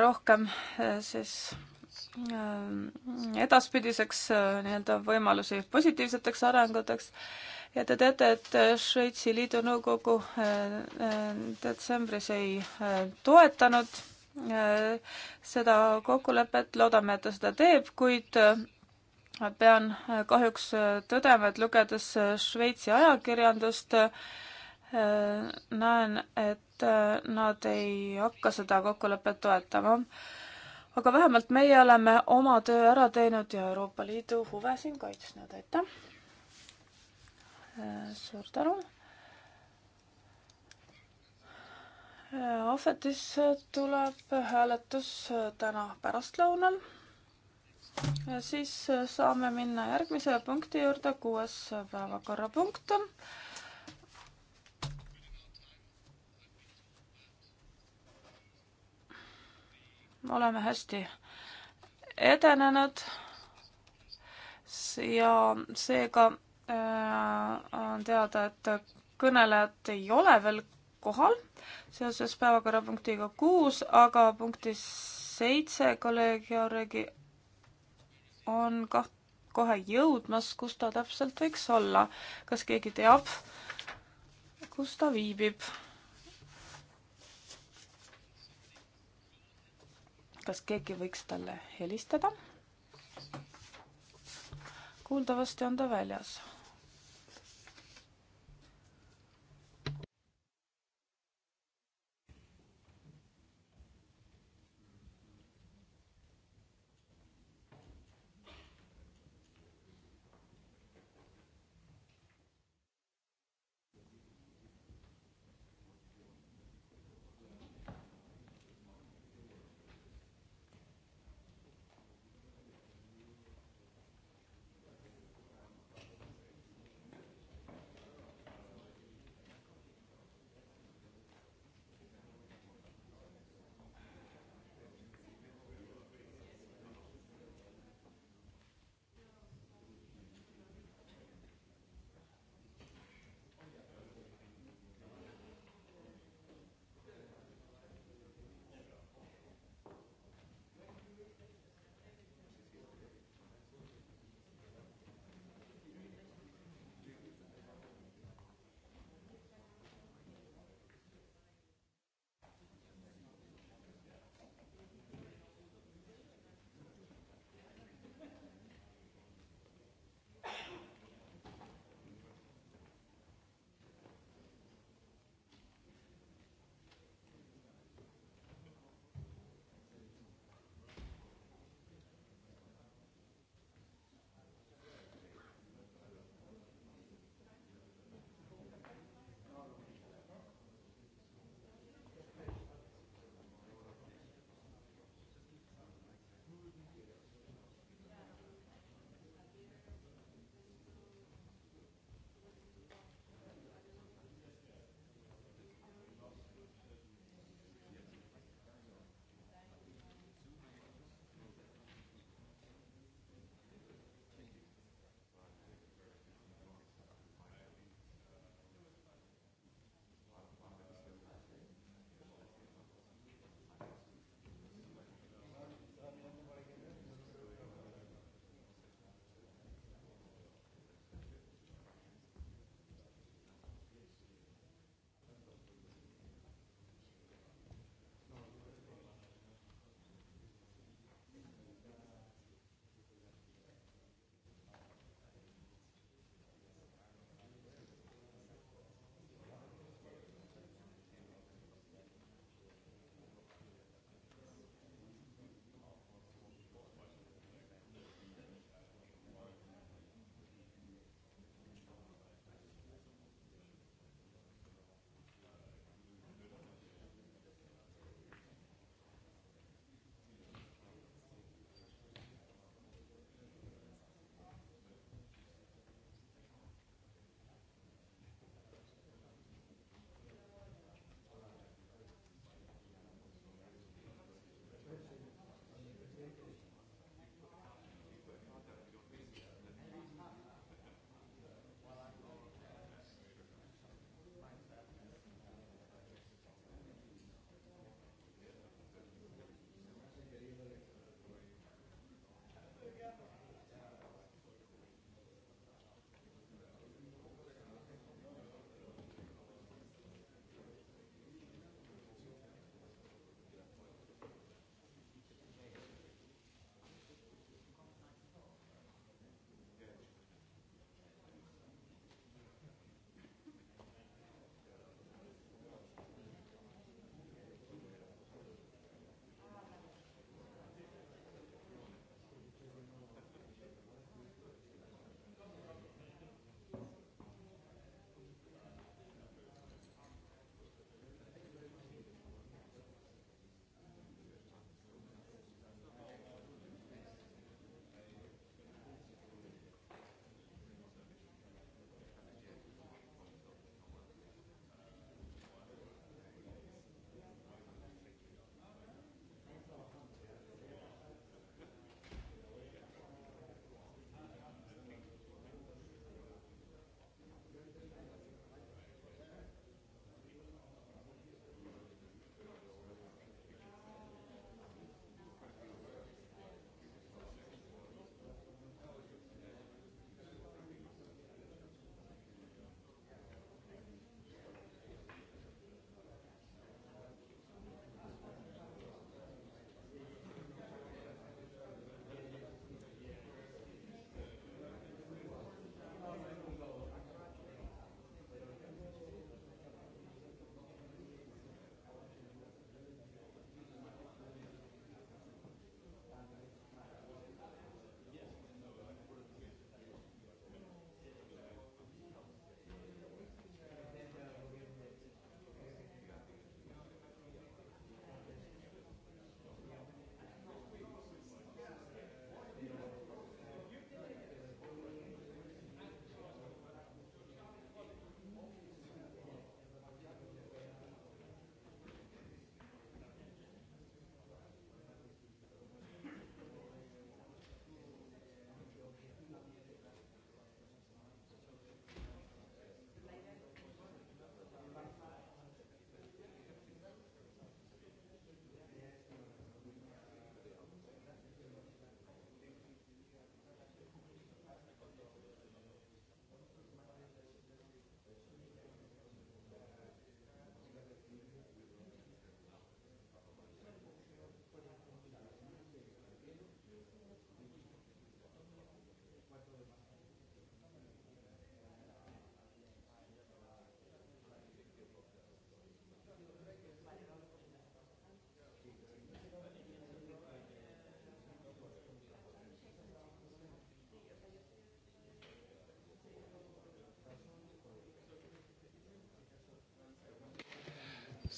rohkem siis edaspidiseks nii-öelda võimalusi positiivseteks arenguteks ja te teate, et Šveitsi Liidu Nõukogu detsembris ei toetanud Äh, seda kokkulepet, loodame, et ta seda teeb, kuid äh, pean äh, kahjuks tõdema, et lugedes Šveitsi ajakirjandust, näen, et nad ei hakka seda kokkulepet toetama. aga vähemalt meie oleme oma töö ära teinud ja Euroopa Liidu huve siin kaitsnud, aitäh! suur tänu! ahvetis tuleb hääletus äh, täna pärastlõunal. siis äh, saame minna järgmise punkti juurde, kuues päevakorrapunkt. oleme hästi edenenud ja seega äh, on teada, et kõnelejat ei ole veel kohal seoses päevakorrapunktiga kuus, aga punktis seitse kolleeg Jauregi on kaht-, kohe jõudmas, kus ta täpselt võiks olla. kas keegi teab, kus ta viibib? kas keegi võiks talle helistada? kuuldavasti on ta väljas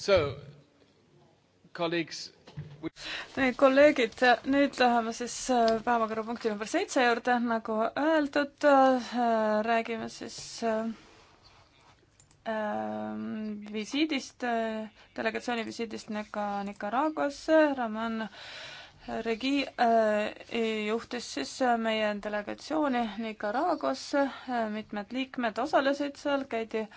nii,
kolleegid, nüüd läheme siis äh, päevakorrapunkti number seitse juurde, nagu öeldud, äh, räägime siis äh, ähm, visiidist, delegatsiooni visiidist Nika-, Nicaraguasse, Raman Regi juhtis siis meie delegatsiooni Nicaraguasse, mitmed liikmed osalesid seal, käidi äh,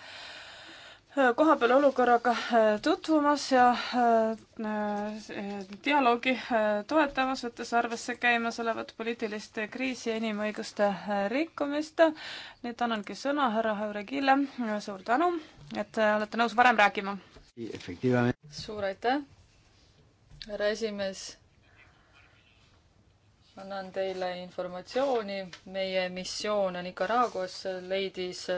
Äh, kohapeal olukorraga äh, tutvumas ja äh, dialoogi toetamas, võttes arvesse käimasolevat poliitilist kriisi ja inimõiguste rikkumist. nüüd annangi sõna härra Hauregile. suur tänu, et olete nõus varem rääkima.
suur aitäh, härra esimees. annan teile informatsiooni. meie missioon Nicaraguas leidis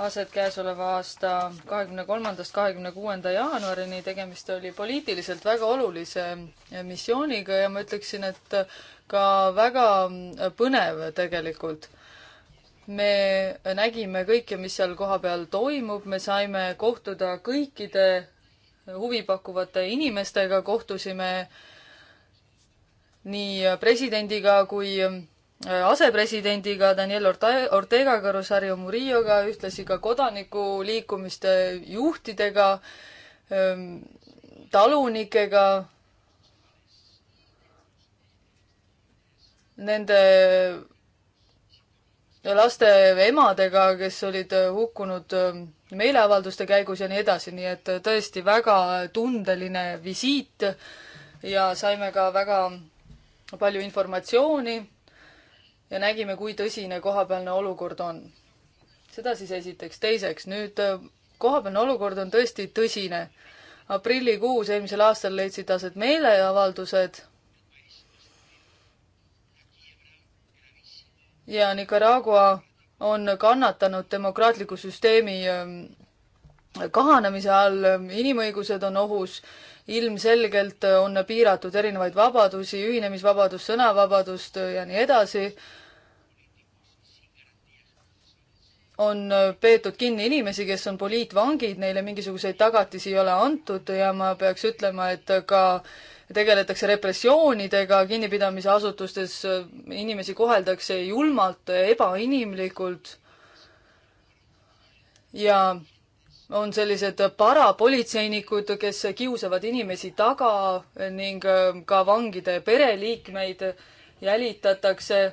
aset käesoleva aasta kahekümne kolmandast kahekümne kuuenda jaanuarini. tegemist oli poliitiliselt väga olulise missiooniga ja ma ütleksin, et ka väga põnev tegelikult. me nägime kõike, mis seal kohapeal toimub, me saime kohtuda kõikide huvipakkuvate inimestega, kohtusime nii presidendiga kui Äh, asepresidendiga Daniel Ortega, Rosario Murilloga, ühtlasi ka kodanikuliikumiste juhtidega, ähm, talunikega, nende laste emadega, kes olid äh, hukkunud ähm, meeleavalduste käigus ja nii edasi, nii et äh, tõesti väga tundeline visiit ja saime ka väga palju informatsiooni ja nägime, kui tõsine kohapealne olukord on. seda siis esiteks. teiseks, nüüd äh, kohapealne olukord on tõesti tõsine. aprillikuus eelmisel aastal leidsid aset meeleavaldused. ja Nicaragua on kannatanud demokraatliku süsteemi ähm, kahanemise all, inimõigused on ohus, ilmselgelt on piiratud erinevaid vabadusi, ühinemisvabadust, sõnavabadust ja nii edasi on äh, peetud kinni inimesi, kes on poliitvangid, neile mingisuguseid tagatisi ei ole antud ja ma peaks ütlema, et ka tegeletakse repressioonidega kinnipidamise asutustes, äh, inimesi koheldakse julmalt, ebainimlikult ja on sellised parapolitseinikud, kes kiusavad inimesi taga ning äh, ka vangide pereliikmeid jälitatakse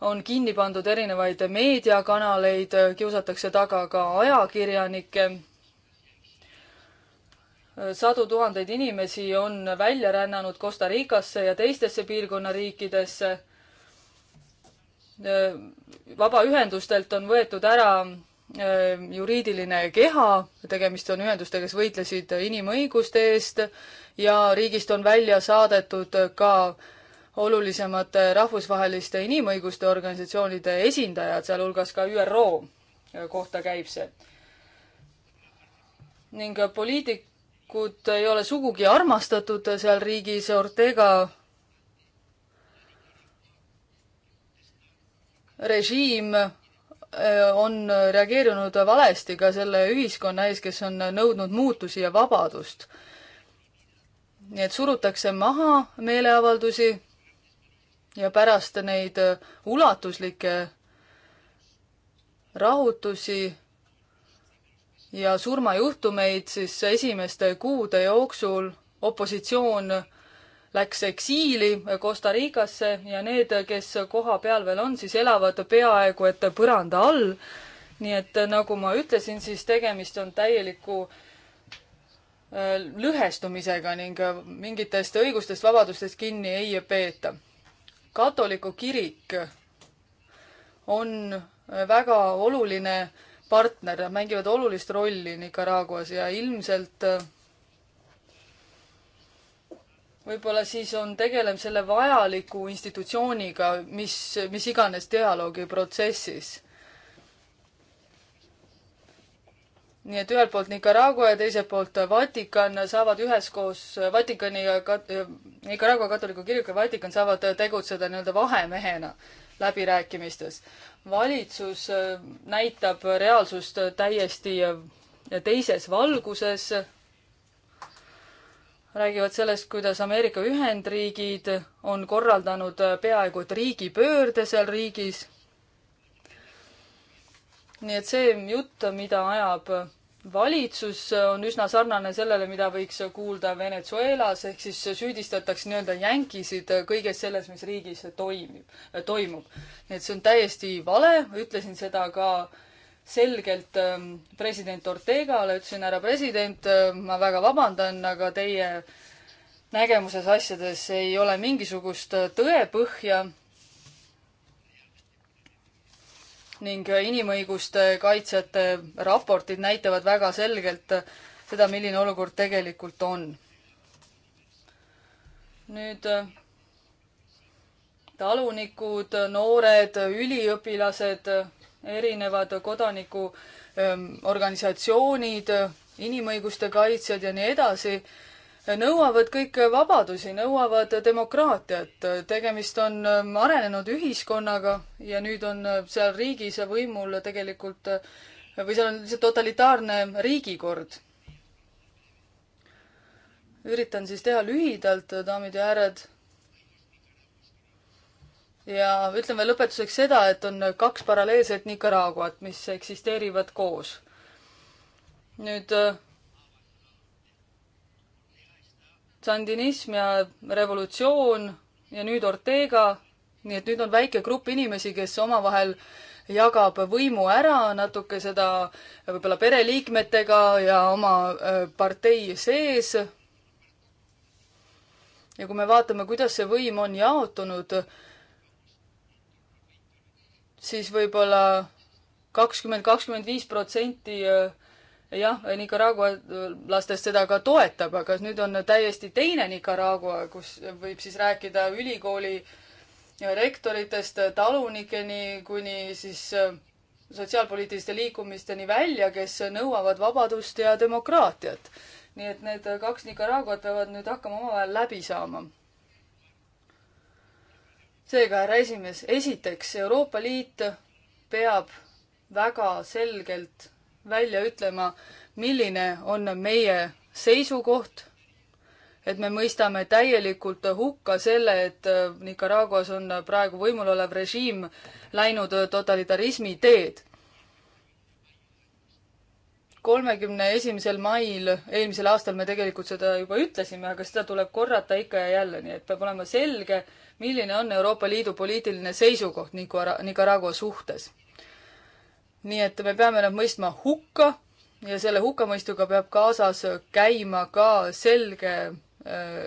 on kinni pandud erinevaid meediakanaleid, kiusatakse taga ka ajakirjanikke. sadu tuhandeid inimesi on välja rännanud Costa Ricasse ja teistesse piirkonna riikidesse. vabaühendustelt on võetud ära eh, juriidiline keha, tegemist on ühendustega, kes võitlesid inimõiguste eest ja riigist on välja saadetud ka äh, olulisemate rahvusvaheliste inimõiguste organisatsioonide esindajad, sealhulgas ka ÜRO kohta käib see. ning poliitikud ei ole sugugi armastatud seal riigis, Ortega režiim äh, on reageerinud valesti ka selle ühiskonna ees, kes on nõudnud muutusi ja vabadust. nii et surutakse maha meeleavaldusi ja pärast neid äh, ulatuslikke rahutusi ja surmajuhtumeid, siis esimeste kuude jooksul opositsioon läks eksiili Costa Ricasse ja need, kes koha peal veel on, siis elavad peaaegu et põranda all. nii et äh, nagu ma ütlesin, siis tegemist on täieliku äh, lõhestumisega ning mingitest õigustest, vabadustest kinni ei peeta katoliku kirik on väga oluline partner, nad mängivad olulist rolli Nicaraguas ja ilmselt võib-olla siis on tegelem selle vajaliku institutsiooniga, mis, mis iganes dialoogiprotsessis. nii et ühelt poolt Nicaragua ja teiselt poolt Vatikan saavad üheskoos, Vatikani ja kat-, Nicaragua katoliku kirik ja Vatikan saavad tegutseda nii-öelda vahemehena läbirääkimistes. valitsus äh, näitab reaalsust täiesti äh, teises valguses, räägivad sellest, kuidas Ameerika Ühendriigid on korraldanud äh, peaaegu et riigipöörde seal riigis nii et see jutt, mida ajab valitsus, on üsna sarnane sellele, mida võiks kuulda Venezuelas, ehk siis süüdistatakse nii-öelda jänkisid kõiges selles, mis riigis toimib, toimub. nii et see on täiesti vale, ütlesin seda ka selgelt ähm, president Ortegale, ütlesin härra president, äh, ma väga vabandan, aga teie nägemuses asjades ei ole mingisugust äh, tõepõhja ning inimõiguste kaitsjate raportid näitavad väga selgelt seda, milline olukord tegelikult on. nüüd talunikud, noored, üliõpilased, erinevad kodanikuorganisatsioonid, ähm, inimõiguste kaitsjad ja nii edasi nõuavad kõik vabadusi, nõuavad demokraatiat. tegemist on ähm, arenenud ühiskonnaga ja nüüd on äh, seal riigis võimul tegelikult äh, või seal on lihtsalt totalitaarne riigikord. üritan siis teha lühidalt, daamid ja härrad. ja ütlen veel lõpetuseks seda, et on kaks paralleelset Nicaraguat, mis eksisteerivad koos. nüüd äh, sandinism ja revolutsioon ja nüüd Ortega, nii et nüüd on väike grupp inimesi, kes omavahel jagab võimu ära natuke seda võib-olla pereliikmetega ja oma äh, partei sees. ja kui me vaatame, kuidas see võim on jaotunud, siis võib-olla kakskümmend, kakskümmend viis protsenti äh, jah, Nicaragua lastest seda ka toetab, aga nüüd on täiesti teine Nicaragua, kus võib siis rääkida ülikooli rektoritest talunikeni kuni siis äh, sotsiaalpoliitiliste liikumisteni välja, kes nõuavad vabadust ja demokraatiat. nii et need kaks Nicaraguat peavad nüüd hakkama omavahel läbi saama. seega, härra esimees, esiteks Euroopa Liit peab väga selgelt välja ütlema, milline on meie seisukoht, et me mõistame täielikult hukka selle, et äh, Nicaraguas on äh, praegu võimul olev režiim läinud äh, totalitarismi teed. kolmekümne esimesel mail eelmisel aastal me tegelikult seda juba ütlesime, aga seda tuleb korrata ikka ja jälle, nii et peab olema selge, milline on Euroopa Liidu poliitiline seisukoht Nicaragua suhtes nii et me peame nad mõistma hukka ja selle hukkamõistuga peab kaasas käima ka selge äh,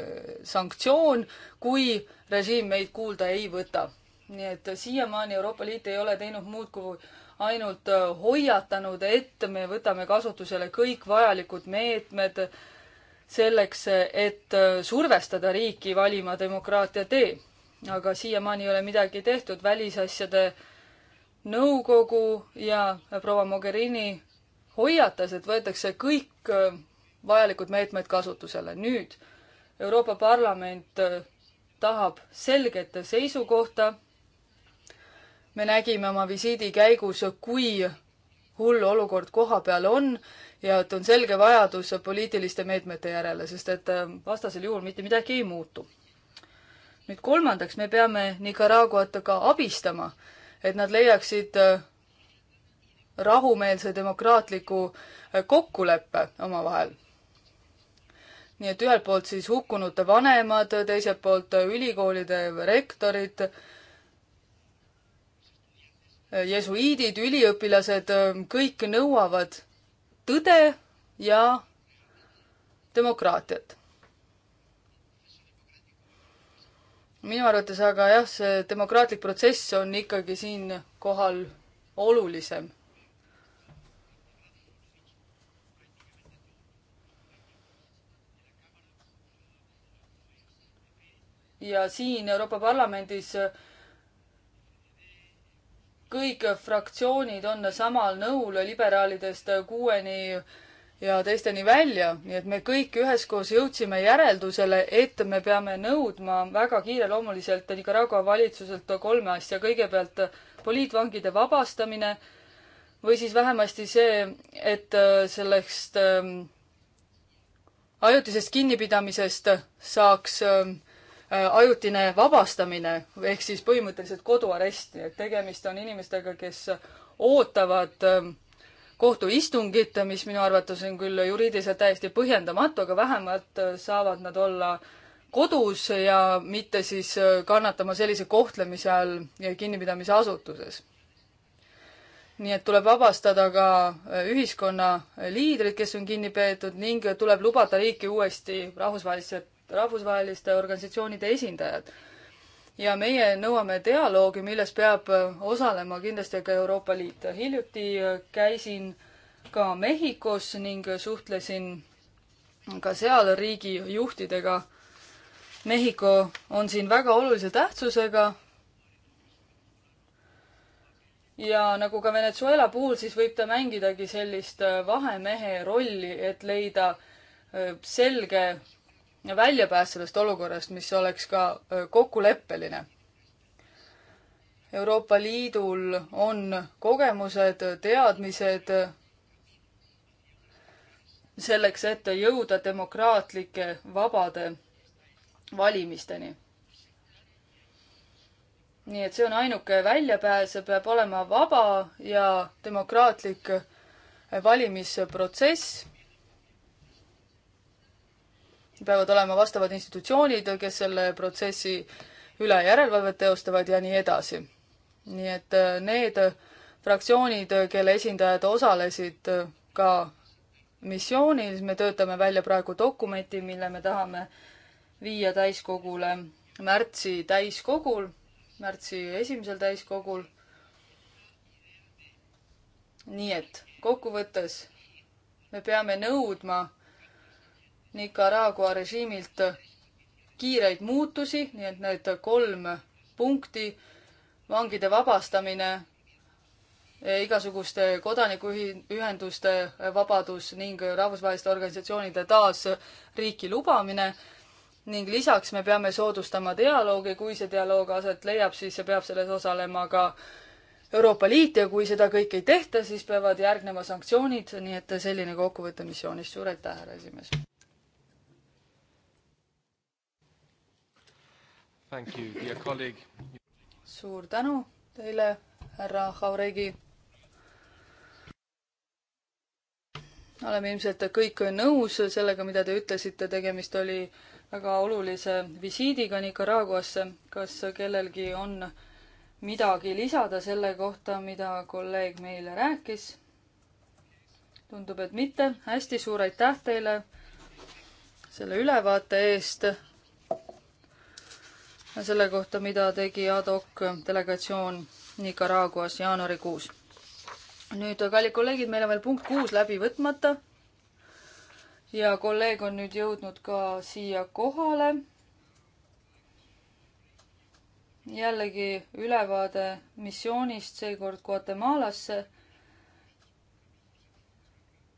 sanktsioon, kui režiim meid kuulda ei võta. nii et siiamaani Euroopa Liit ei ole teinud muud kui ainult äh, hoiatanud, et me võtame kasutusele kõik vajalikud meetmed selleks, et äh, survestada riiki valima demokraatia tee. aga siiamaani ei ole midagi tehtud, välisasjade äh, nõukogu ja proua Mogherini hoiatas, et võetakse kõik äh, vajalikud meetmed kasutusele. nüüd Euroopa Parlament äh, tahab selget seisukohta. me nägime oma visiidi käigus, kui hull olukord koha peal on ja et on selge vajadus poliitiliste meetmete järele, sest et äh, vastasel juhul mitte midagi ei muutu. nüüd kolmandaks, me peame Nicaraguat ka abistama et nad leiaksid äh, rahumeelse demokraatliku äh, kokkuleppe omavahel. nii et ühelt poolt siis hukkunute vanemad, teiselt poolt äh, ülikoolide rektorid, jesuiidid, üliõpilased, kõik nõuavad tõde ja demokraatiat. minu arvates aga jah, see demokraatlik protsess on ikkagi siinkohal olulisem. ja siin Euroopa Parlamendis kõik fraktsioonid on samal nõul liberaalidest kuueni äh, ja teisteni välja, nii et me kõik üheskoos jõudsime järeldusele, et me peame nõudma väga kiireloomuliselt Nicaragua valitsuselt kolme asja. kõigepealt poliitvangide vabastamine või siis vähemasti see, et sellest ähm, ajutisest kinnipidamisest saaks ähm, äh, ajutine vabastamine ehk siis põhimõtteliselt koduarest, nii et tegemist on inimestega, kes ootavad äh, kohtuistungit, mis minu arvates on küll juriidiliselt täiesti põhjendamatu, aga vähemalt äh, saavad nad olla kodus ja mitte siis äh, kannatama sellise kohtlemise all kinnipidamise asutuses. nii et tuleb vabastada ka äh, ühiskonna liidrid, kes on kinni peetud ning tuleb lubada riiki uuesti rahvusvahelised, rahvusvaheliste organisatsioonide esindajad ja meie nõuame dialoogi, milles peab äh, osalema kindlasti ka Euroopa Liit. hiljuti äh, käisin ka Mehhikos ning suhtlesin ka seal riigijuhtidega. Mehhiko on siin väga olulise tähtsusega. ja nagu ka Venezuela puhul, siis võib ta mängidagi sellist äh, vahemehe rolli, et leida selge väljapääs sellest olukorrast, mis oleks ka kokkuleppeline. Euroopa Liidul on kogemused, teadmised selleks, et jõuda demokraatlike vabade valimisteni. nii et see on ainuke väljapääs, see peab olema vaba ja demokraatlik valimisprotsess peavad olema vastavad institutsioonid, kes selle protsessi üle järelevalvet teostavad ja nii edasi. nii et äh, need fraktsioonid, kelle esindajad osalesid äh, ka missioonil, me töötame välja praegu dokumenti, mille me tahame viia täiskogule märtsi täiskogul, märtsi esimesel täiskogul. nii et kokkuvõttes me peame nõudma Nicaragua režiimilt kiireid muutusi, nii et need kolm punkti, vangide vabastamine, igasuguste kodanikuühenduste vabadus ning rahvusvaheliste organisatsioonide taas riiki lubamine ning lisaks me peame soodustama dialoogi, kui see dialoog aset leiab, siis peab selles osalema ka Euroopa Liit ja kui seda kõike ei tehta, siis peavad järgnema sanktsioonid, nii et selline kokkuvõte missioonist. suur aitäh, härra esimees! suur tänu teile, härra Hauregi. oleme ilmselt kõik nõus sellega, mida te ütlesite, tegemist oli väga olulise visiidiga Nicaraguasse. kas kellelgi on midagi lisada selle kohta, mida kolleeg meile rääkis? tundub, et mitte. hästi suur aitäh teile selle ülevaate eest selle kohta, mida tegi ad hoc delegatsioon Nicaraguas jaanuarikuus. nüüd, kallid kolleegid, meil on veel punkt kuus läbi võtmata. ja kolleeg on nüüd jõudnud ka siia kohale. jällegi ülevaade missioonist, seekord Guatemalasse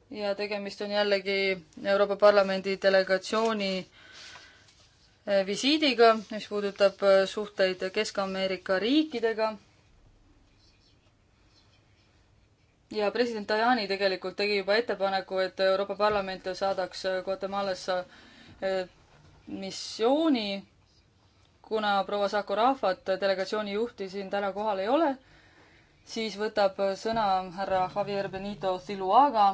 ja tegemist on jällegi Euroopa Parlamendi delegatsiooni Äh, visiidiga, mis puudutab äh, suhteid Kesk-Ameerika riikidega. ja president Tajani tegelikult tegi juba ettepaneku, et Euroopa Parlament saadaks äh, Guatemalasse missiooni, kuna proua Saku Rahvat, delegatsiooni juhti, siin täna kohal ei ole, siis võtab sõna härra Javier Benito Ziluaga,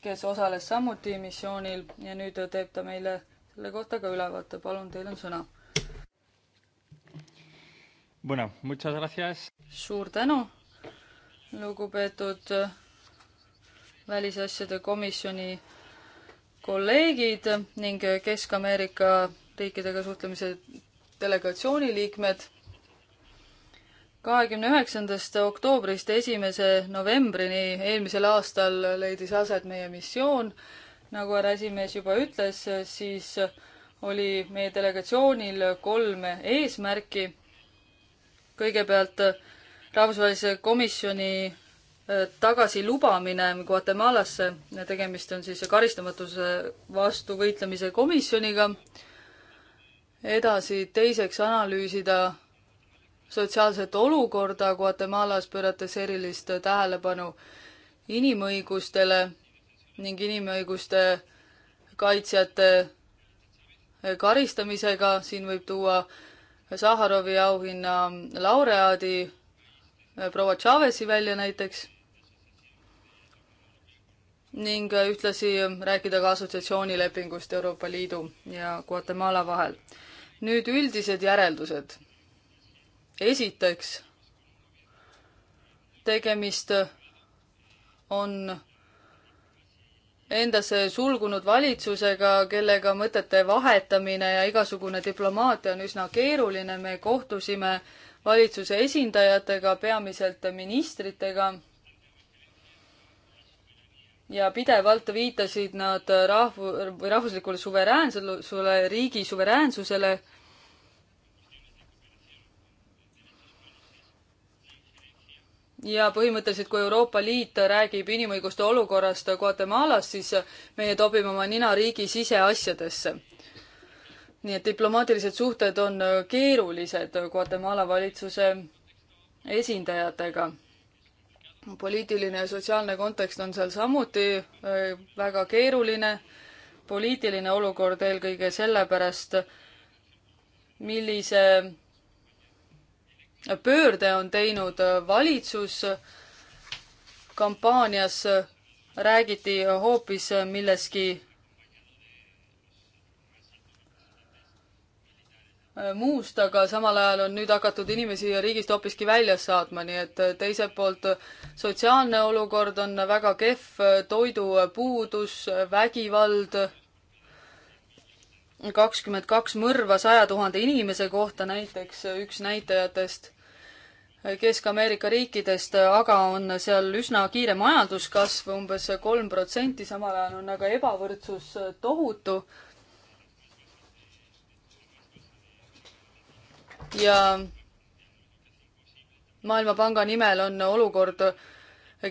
kes osales samuti missioonil ja nüüd teeb ta meile selle kohta ka ülevaate, palun, teil on sõna. Bueno, muchas gracias. suur tänu, lugupeetud välisasjade komisjoni kolleegid ning Kesk-Ameerika riikidega suhtlemise delegatsiooni liikmed kahekümne üheksandast oktoobrist esimese novembrini eelmisel aastal leidis aset meie missioon nagu härra esimees juba ütles, siis oli meie delegatsioonil kolm eesmärki. kõigepealt rahvusvahelise komisjoni äh, tagasilubamine Guatemalasse, tegemist on siis karistamatuse vastu võitlemise komisjoniga. edasi teiseks analüüsida sotsiaalset olukorda Guatemalas, pöörates erilist tähelepanu inimõigustele ning inimõiguste kaitsjate karistamisega, siin võib tuua Saharovi auhinna laureaadi äh, proua Chavez'i välja näiteks ning äh, ühtlasi äh, rääkida ka assotsiatsioonilepingust Euroopa Liidu ja Guatemala vahel. nüüd üldised järeldused. esiteks, tegemist on endasse sulgunud valitsusega, kellega mõtete vahetamine ja igasugune diplomaatia on üsna keeruline. me kohtusime valitsuse esindajatega, peamiselt ministritega. ja pidevalt viitasid nad rahvu, rahvuslikule suveräänsusele, riigi suveräänsusele ja põhimõtteliselt, kui Euroopa Liit räägib inimõiguste olukorrast Guatemalas, siis meie tobime oma nina riigi siseasjadesse. nii et diplomaatilised suhted on keerulised Guatemala valitsuse esindajatega. poliitiline ja sotsiaalne kontekst on seal samuti äh, väga keeruline. poliitiline olukord eelkõige sellepärast, millise pöörde on teinud äh, valitsus. Äh, kampaanias äh, räägiti hoopis milleski muust, aga samal ajal on nüüd hakatud inimesi riigist hoopiski välja saatma, nii et teiselt poolt sotsiaalne olukord on väga kehv, toidupuudus, vägivald kakskümmend kaks mõrva saja tuhande inimese kohta näiteks üks näitajatest Kesk-Ameerika riikidest, aga on seal üsna kiire majanduskasv, umbes kolm protsenti, samal ajal on aga ebavõrdsus tohutu. ja Maailmapanga nimel on olukord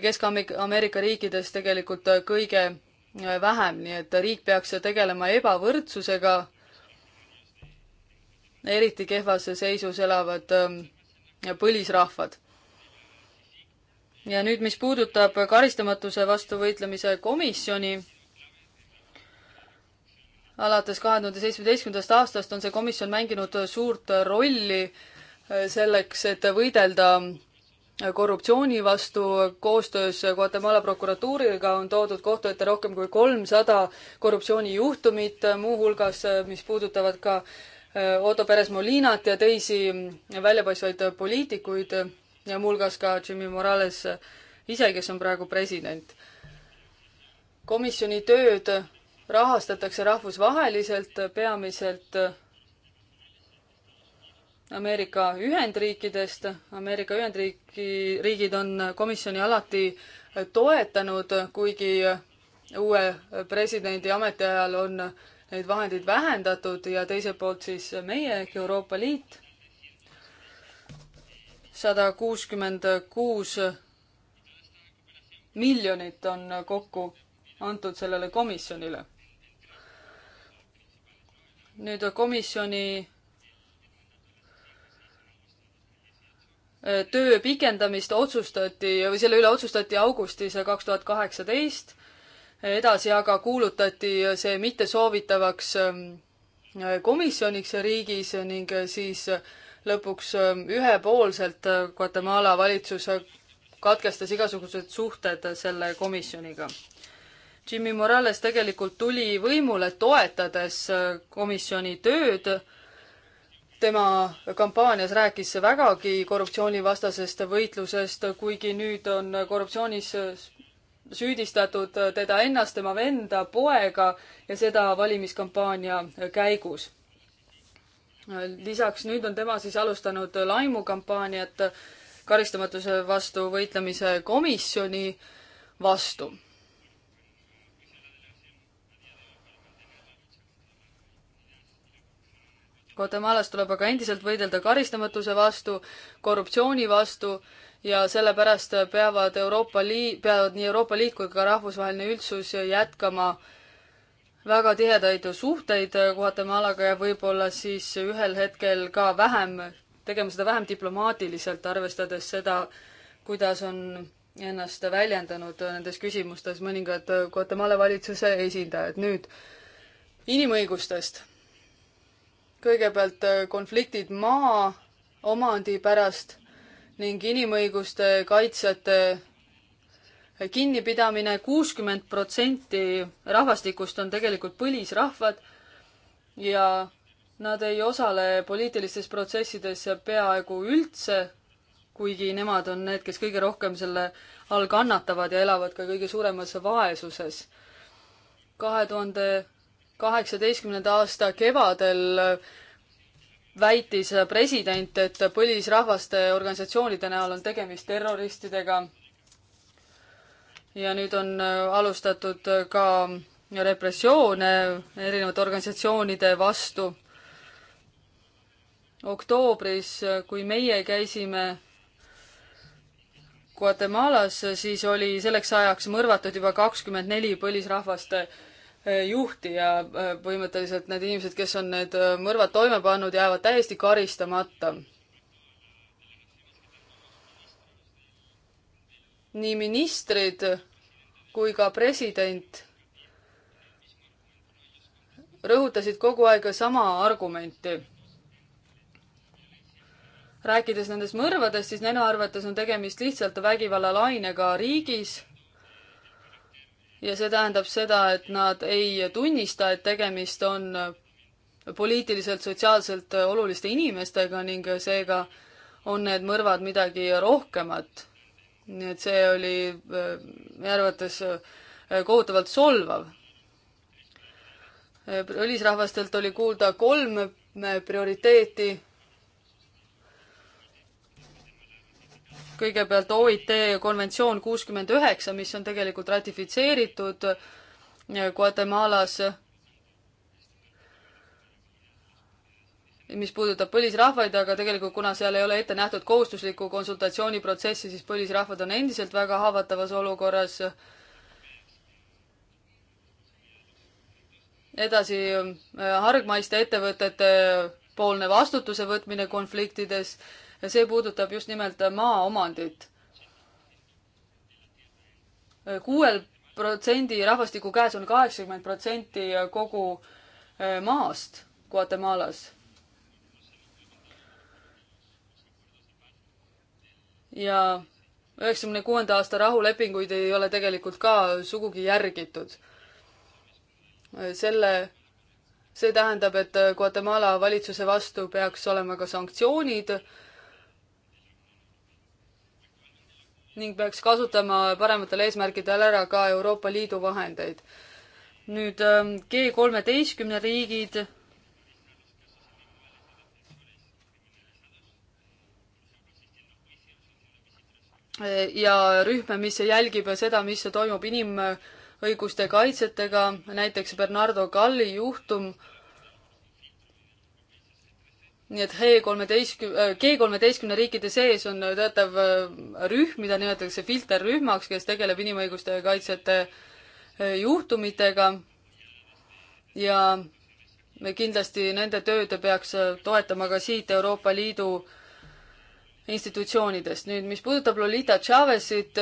Kesk-Ameerika riikides tegelikult kõige vähem, nii et riik peaks tegelema ebavõrdsusega. eriti kehvas seisus elavad ähm, põlisrahvad. ja nüüd, mis puudutab karistamatuse vastu võitlemise komisjoni, alates kahe tuhande seitsmeteistkümnendast aastast on see komisjon mänginud suurt rolli äh, selleks, et võidelda korruptsiooni vastu koostöös Guatemala prokuratuuriga on toodud kohtu ette rohkem kui kolmsada korruptsioonijuhtumit, muuhulgas mis puudutavad ka äh, Otto Perez Molinat ja teisi väljapaistvaid poliitikuid ja muuhulgas ka Jimmy Morales ise, kes on praegu president. komisjoni tööd rahastatakse rahvusvaheliselt, peamiselt Ameerika Ühendriikidest. Ameerika Ühendriiki, riigid on komisjoni alati toetanud, kuigi uue presidendi ametiajal on neid vahendeid vähendatud ja teiselt poolt siis meie ehk Euroopa Liit sada kuuskümmend kuus miljonit on kokku antud sellele komisjonile. nüüd komisjoni töö pikendamist otsustati või selle üle otsustati augustis kaks tuhat kaheksateist. edasi aga kuulutati see mittesoovitavaks komisjoniks riigis ning siis lõpuks ühepoolselt Guatemala valitsus katkestas igasugused suhted selle komisjoniga. Jimmy Morales tegelikult tuli võimule toetades komisjoni tööd tema kampaanias rääkis vägagi korruptsioonivastasest võitlusest, kuigi nüüd on korruptsioonis süüdistatud teda ennast, tema venda, poega ja seda valimiskampaania käigus. lisaks nüüd on tema siis alustanud laimukampaaniat karistamatuse vastu võitlemise komisjoni vastu Guatemalas tuleb aga endiselt võidelda karistamatuse vastu, korruptsiooni vastu ja sellepärast peavad Euroopa Liit, peavad nii Euroopa Liit kui ka rahvusvaheline üldsus jätkama väga tihedaid suhteid Guatemalaga ja võib-olla siis ühel hetkel ka vähem, tegema seda vähem diplomaatiliselt, arvestades seda, kuidas on ennast väljendanud nendes küsimustes mõningad Guatemala valitsuse esindajad. nüüd inimõigustest kõigepealt äh, konfliktid maa omandi pärast ning inimõiguste kaitsjate kinnipidamine, kuuskümmend protsenti rahvastikust on tegelikult põlisrahvad ja nad ei osale poliitilistes protsessides peaaegu üldse, kuigi nemad on need, kes kõige rohkem selle all kannatavad ja elavad ka kõige suuremas vaesuses. kahe tuhande kaheksateistkümnenda aasta kevadel väitis president, et põlisrahvaste organisatsioonide näol on tegemist terroristidega. ja nüüd on alustatud ka repressioone erinevate organisatsioonide vastu. oktoobris, kui meie käisime Guatemalas, siis oli selleks ajaks mõrvatud juba kakskümmend neli põlisrahvaste Eh, juhti ja eh, põhimõtteliselt need inimesed, kes on need eh, mõrvad toime pannud, jäävad täiesti karistamata. nii ministrid kui ka president rõhutasid kogu aeg sama argumenti. rääkides nendest mõrvadest, siis nende arvates on tegemist lihtsalt vägivallalainega riigis ja see tähendab seda, et nad ei tunnista, et tegemist on poliitiliselt, sotsiaalselt oluliste inimestega ning seega on need mõrvad midagi rohkemat. nii et see oli äh, minu arvates äh, kohutavalt solvav. põlisrahvastelt äh, oli kuulda kolm prioriteeti kõigepealt OIT konventsioon kuuskümmend üheksa, mis on tegelikult ratifitseeritud Guatemalas, mis puudutab põlisrahvaid, aga tegelikult kuna seal ei ole ette nähtud kohustuslikku konsultatsiooniprotsessi, siis põlisrahvad on endiselt väga haavatavas olukorras. edasi, äh, hargmaiste ettevõtete poolne vastutuse võtmine konfliktides ja see puudutab just nimelt maaomandit. kuuel protsendi rahvastiku käes on kaheksakümmend protsenti kogu eh, maast Guatemalas. ja üheksakümne kuuenda aasta rahulepinguid ei ole tegelikult ka sugugi järgitud. selle, see tähendab, et Guatemala valitsuse vastu peaks olema ka sanktsioonid ning peaks kasutama parematel eesmärkidel ära ka Euroopa Liidu vahendeid. nüüd ähm, G kolmeteistkümne riigid. ja rühma, mis jälgib seda, mis toimub inimõiguste kaitsjatega, näiteks Bernardo Galli juhtum nii et G kolmeteistkümne, äh, G kolmeteistkümne riikide sees on äh, teatav äh, rühm, mida nimetatakse filterrühmaks, kes tegeleb inimõiguste kaitsjate juhtumitega. ja me kindlasti nende tööd peaks toetama ka siit Euroopa Liidu institutsioonidest. nüüd, mis puudutab Lolita Chavezit,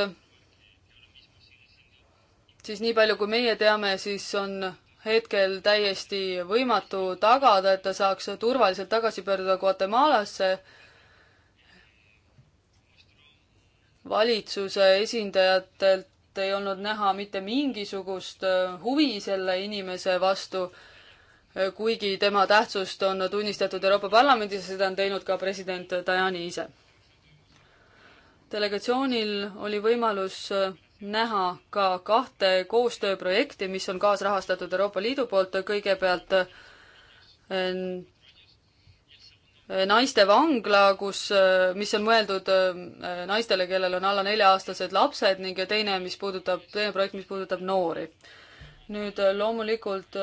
siis nii palju, kui meie teame, siis on hetkel täiesti võimatu tagada, et ta saaks turvaliselt tagasi pöörduda Guatemalasse. valitsuse esindajatelt ei olnud näha mitte mingisugust huvi selle inimese vastu, kuigi tema tähtsust on tunnistatud Euroopa Parlamendis ja seda on teinud ka president Tajani ise. delegatsioonil oli võimalus näha ka kahte koostööprojekti, mis on kaasrahastatud Euroopa Liidu poolt, kõigepealt eh, naiste vangla, kus, eh, mis on mõeldud eh, naistele, kellel on alla nelja-aastased lapsed ning teine, mis puudutab, teine projekt, mis puudutab noori. nüüd loomulikult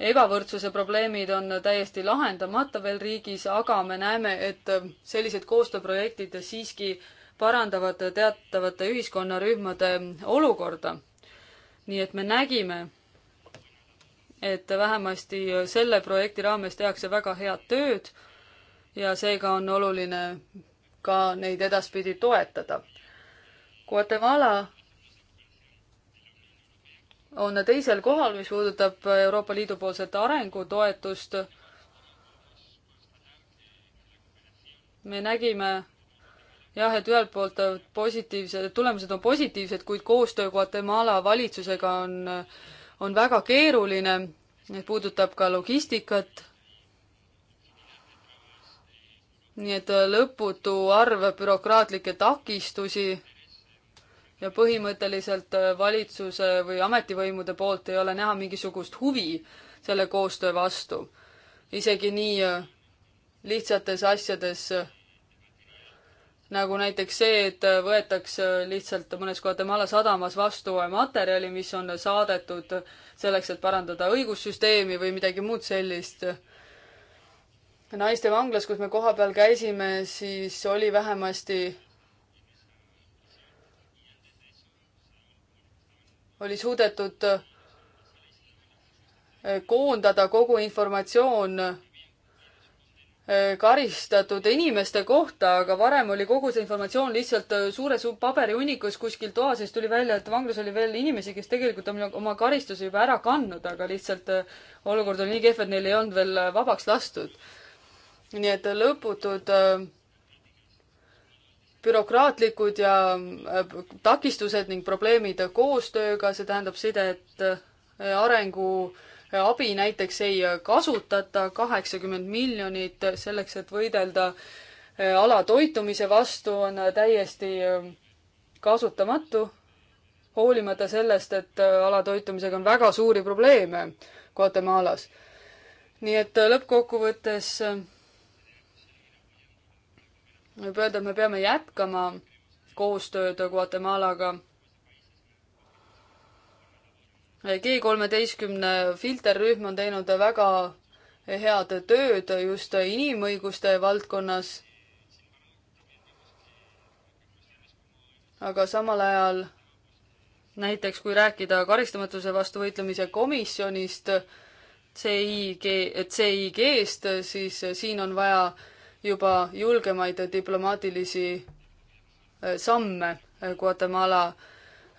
ebavõrdsuse probleemid on täiesti lahendamata veel riigis, aga me näeme, et sellised koostööprojektid siiski parandavad teatavate ühiskonnarühmade olukorda. nii et me nägime, et vähemasti selle projekti raames tehakse väga head tööd ja seega on oluline ka neid edaspidi toetada. Guatemala on teisel kohal, mis puudutab Euroopa Liidu poolset arengutoetust. me nägime jah, et ühelt poolt positiivsed, tulemused on positiivsed, kuid koostöö Guatemala valitsusega on, on väga keeruline. puudutab ka logistikat. nii et lõputu arv bürokraatlikke takistusi ja põhimõtteliselt äh, valitsuse või ametivõimude poolt ei ole näha mingisugust huvi selle koostöö vastu. isegi nii äh, lihtsates asjades äh, nagu näiteks see, et võetakse lihtsalt mõnes Guatemala sadamas vastu materjali, mis on saadetud selleks, et parandada õigussüsteemi või midagi muud sellist. naiste vanglas, kus me kohapeal käisime, siis oli vähemasti oli suudetud äh, koondada kogu informatsioon äh, karistatud inimeste kohta, aga varem oli kogu see informatsioon lihtsalt äh, suures paberihunnikus kuskil toas ja siis tuli välja, et vanglas oli veel inimesi, kes tegelikult on oma karistuse juba ära kandnud, aga lihtsalt olukord oli nii kehv, et neil ei olnud veel vabaks lastud. nii et lõputud äh, bürokraatlikud ja äh, takistused ning probleemid koostööga, see tähendab sidet äh, arengu äh, abi näiteks ei kasutata, kaheksakümmend miljonit selleks, et võidelda alatoitumise vastu, on täiesti kasutamatu, hoolimata sellest, et alatoitumisega on väga suuri probleeme Guatemalas. nii et lõppkokkuvõttes võib öelda, et me peame jätkama koostööd Guatemalaga. G kolmeteistkümne filterrühm on teinud väga head tööd just inimõiguste valdkonnas. aga samal ajal näiteks kui rääkida karistamatuse vastu võitlemise komisjonist CIG, CIG-st, siis siin on vaja juba julgemaid diplomaatilisi äh, samme äh, Guatemala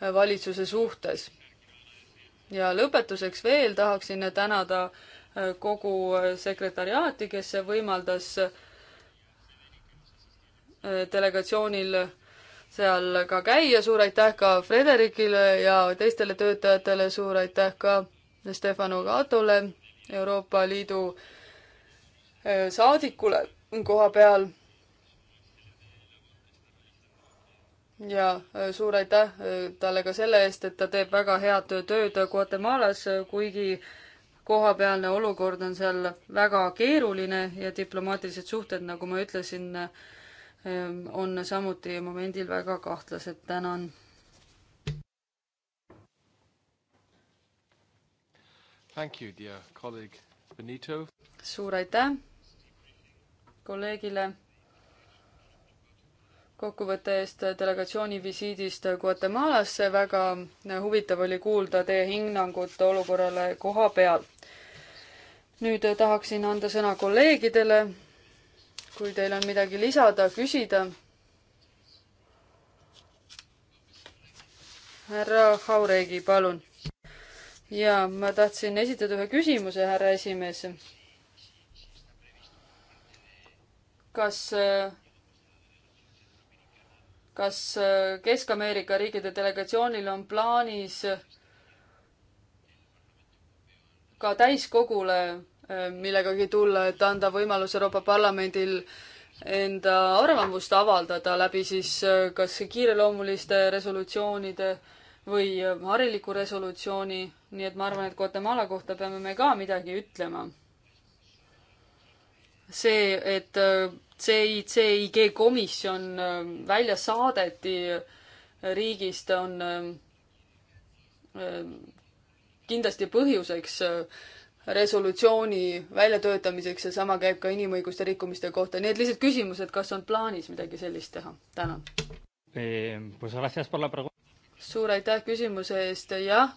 äh, valitsuse suhtes. ja lõpetuseks veel tahaksin tänada kogu sekretariaati, kes võimaldas delegatsioonil seal ka käia, suur aitäh ka Frederikile ja teistele töötajatele, suur aitäh ka Stefano Gatole, Euroopa Liidu saadikule koha peal. ja äh, suur aitäh äh, talle ka selle eest, et ta teeb väga head tööd Guatemalas, kuigi kohapealne olukord on seal väga keeruline ja diplomaatilised suhted, nagu ma ütlesin, äh, on samuti momendil väga kahtlased. tänan. suur aitäh kolleegile kokkuvõtte eest delegatsiooni visiidist Guatemalasse. väga huvitav oli kuulda teie hinnangut olukorrale koha peal. nüüd tahaksin anda sõna kolleegidele. kui teil on midagi lisada, küsida. härra Hauregi, palun. ja ma tahtsin esitada ühe küsimuse, härra esimees kas, kas Kesk-Ameerika riikide delegatsioonil on plaanis ka täiskogule millegagi tulla, et anda võimalus Euroopa Parlamendil enda arvamust avaldada läbi siis kas kiireloomuliste resolutsioonide või hariliku resolutsiooni, nii et ma arvan, et Guatemala kohta peame me ka midagi ütlema see, et äh, CICIG komisjon äh, välja saadeti riigist, on äh, kindlasti põhjuseks resolutsiooni väljatöötamiseks ja sama käib ka inimõiguste rikkumiste kohta. nii et lihtsalt küsimus, et kas on plaanis midagi sellist teha? tänan. Eh, suur aitäh küsimuse eest, jah.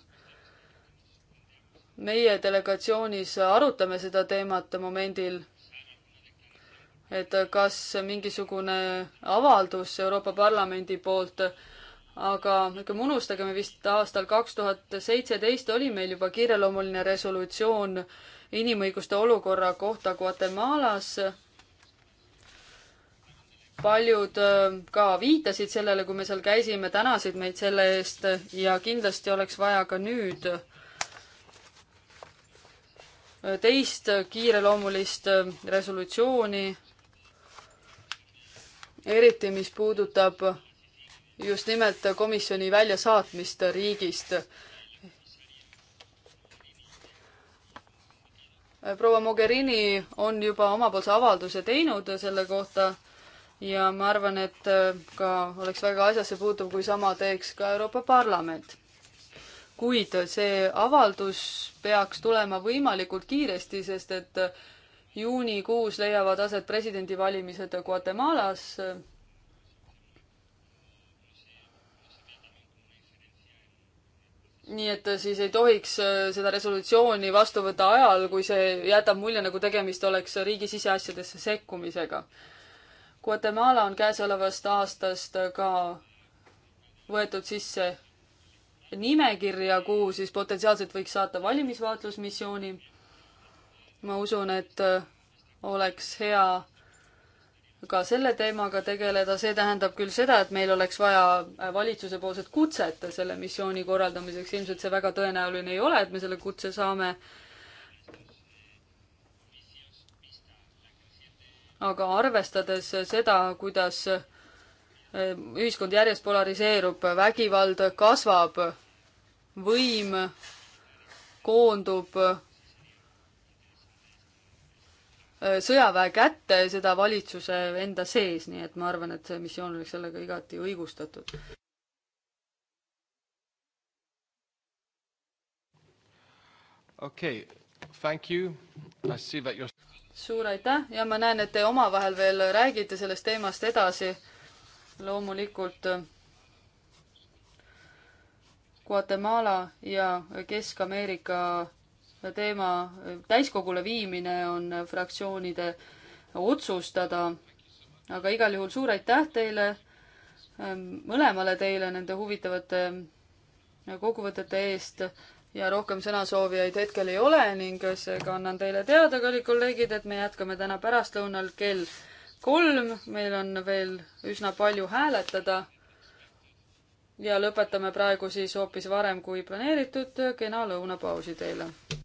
meie delegatsioonis arutame seda teemat momendil et kas mingisugune avaldus Euroopa Parlamendi poolt, aga ärgem unustagem, vist aastal kaks tuhat seitseteist oli meil juba kiireloomuline resolutsioon inimõiguste olukorra kohta Guatemalas. paljud äh, ka viitasid sellele, kui me seal käisime, tänasid meid selle eest ja kindlasti oleks vaja ka nüüd teist kiireloomulist äh, resolutsiooni eriti mis puudutab just nimelt komisjoni väljasaatmist riigist. proua Mogherini on juba omapoolse avalduse teinud selle kohta ja ma arvan, et ka oleks väga asjasse puutuv, kui sama teeks ka Euroopa Parlament. kuid see avaldus peaks tulema võimalikult kiiresti, sest et juunikuus leiavad aset presidendivalimised Guatemalas. nii et siis ei tohiks seda resolutsiooni vastu võtta ajal, kui see jätab mulje, nagu tegemist oleks riigi siseasjadesse sekkumisega. Guatemala on käesolevast aastast ka võetud sisse nimekirja, kuhu siis potentsiaalselt võiks saata valimisvaatlusmissiooni ma usun, et äh, oleks hea ka selle teemaga tegeleda, see tähendab küll seda, et meil oleks vaja äh, valitsusepoolset kutset selle missiooni korraldamiseks, ilmselt see väga tõenäoline ei ole, et me selle kutse saame. aga arvestades seda, kuidas äh, ühiskond järjest polariseerub, vägivald kasvab, võim koondub Äh, sõjaväe kätte, seda valitsuse enda sees, nii et ma arvan, et see missioon oleks sellega igati õigustatud. okei okay,, thank you, I see that you are suur aitäh ja ma näen, et te omavahel veel räägite sellest teemast edasi. loomulikult äh, Guatemala ja Kesk-Ameerika teema täiskogule viimine on fraktsioonide otsustada. aga igal juhul suur aitäh teile, ähm, mõlemale teile nende huvitavate äh, kokkuvõtete eest ja rohkem sõnasoovijaid hetkel ei ole ning seega annan teile teada, kallid kolleegid, et me jätkame täna pärastlõunal kell kolm, meil on veel üsna palju hääletada. ja lõpetame praegu siis hoopis varem kui planeeritud, kena lõunapausi teile!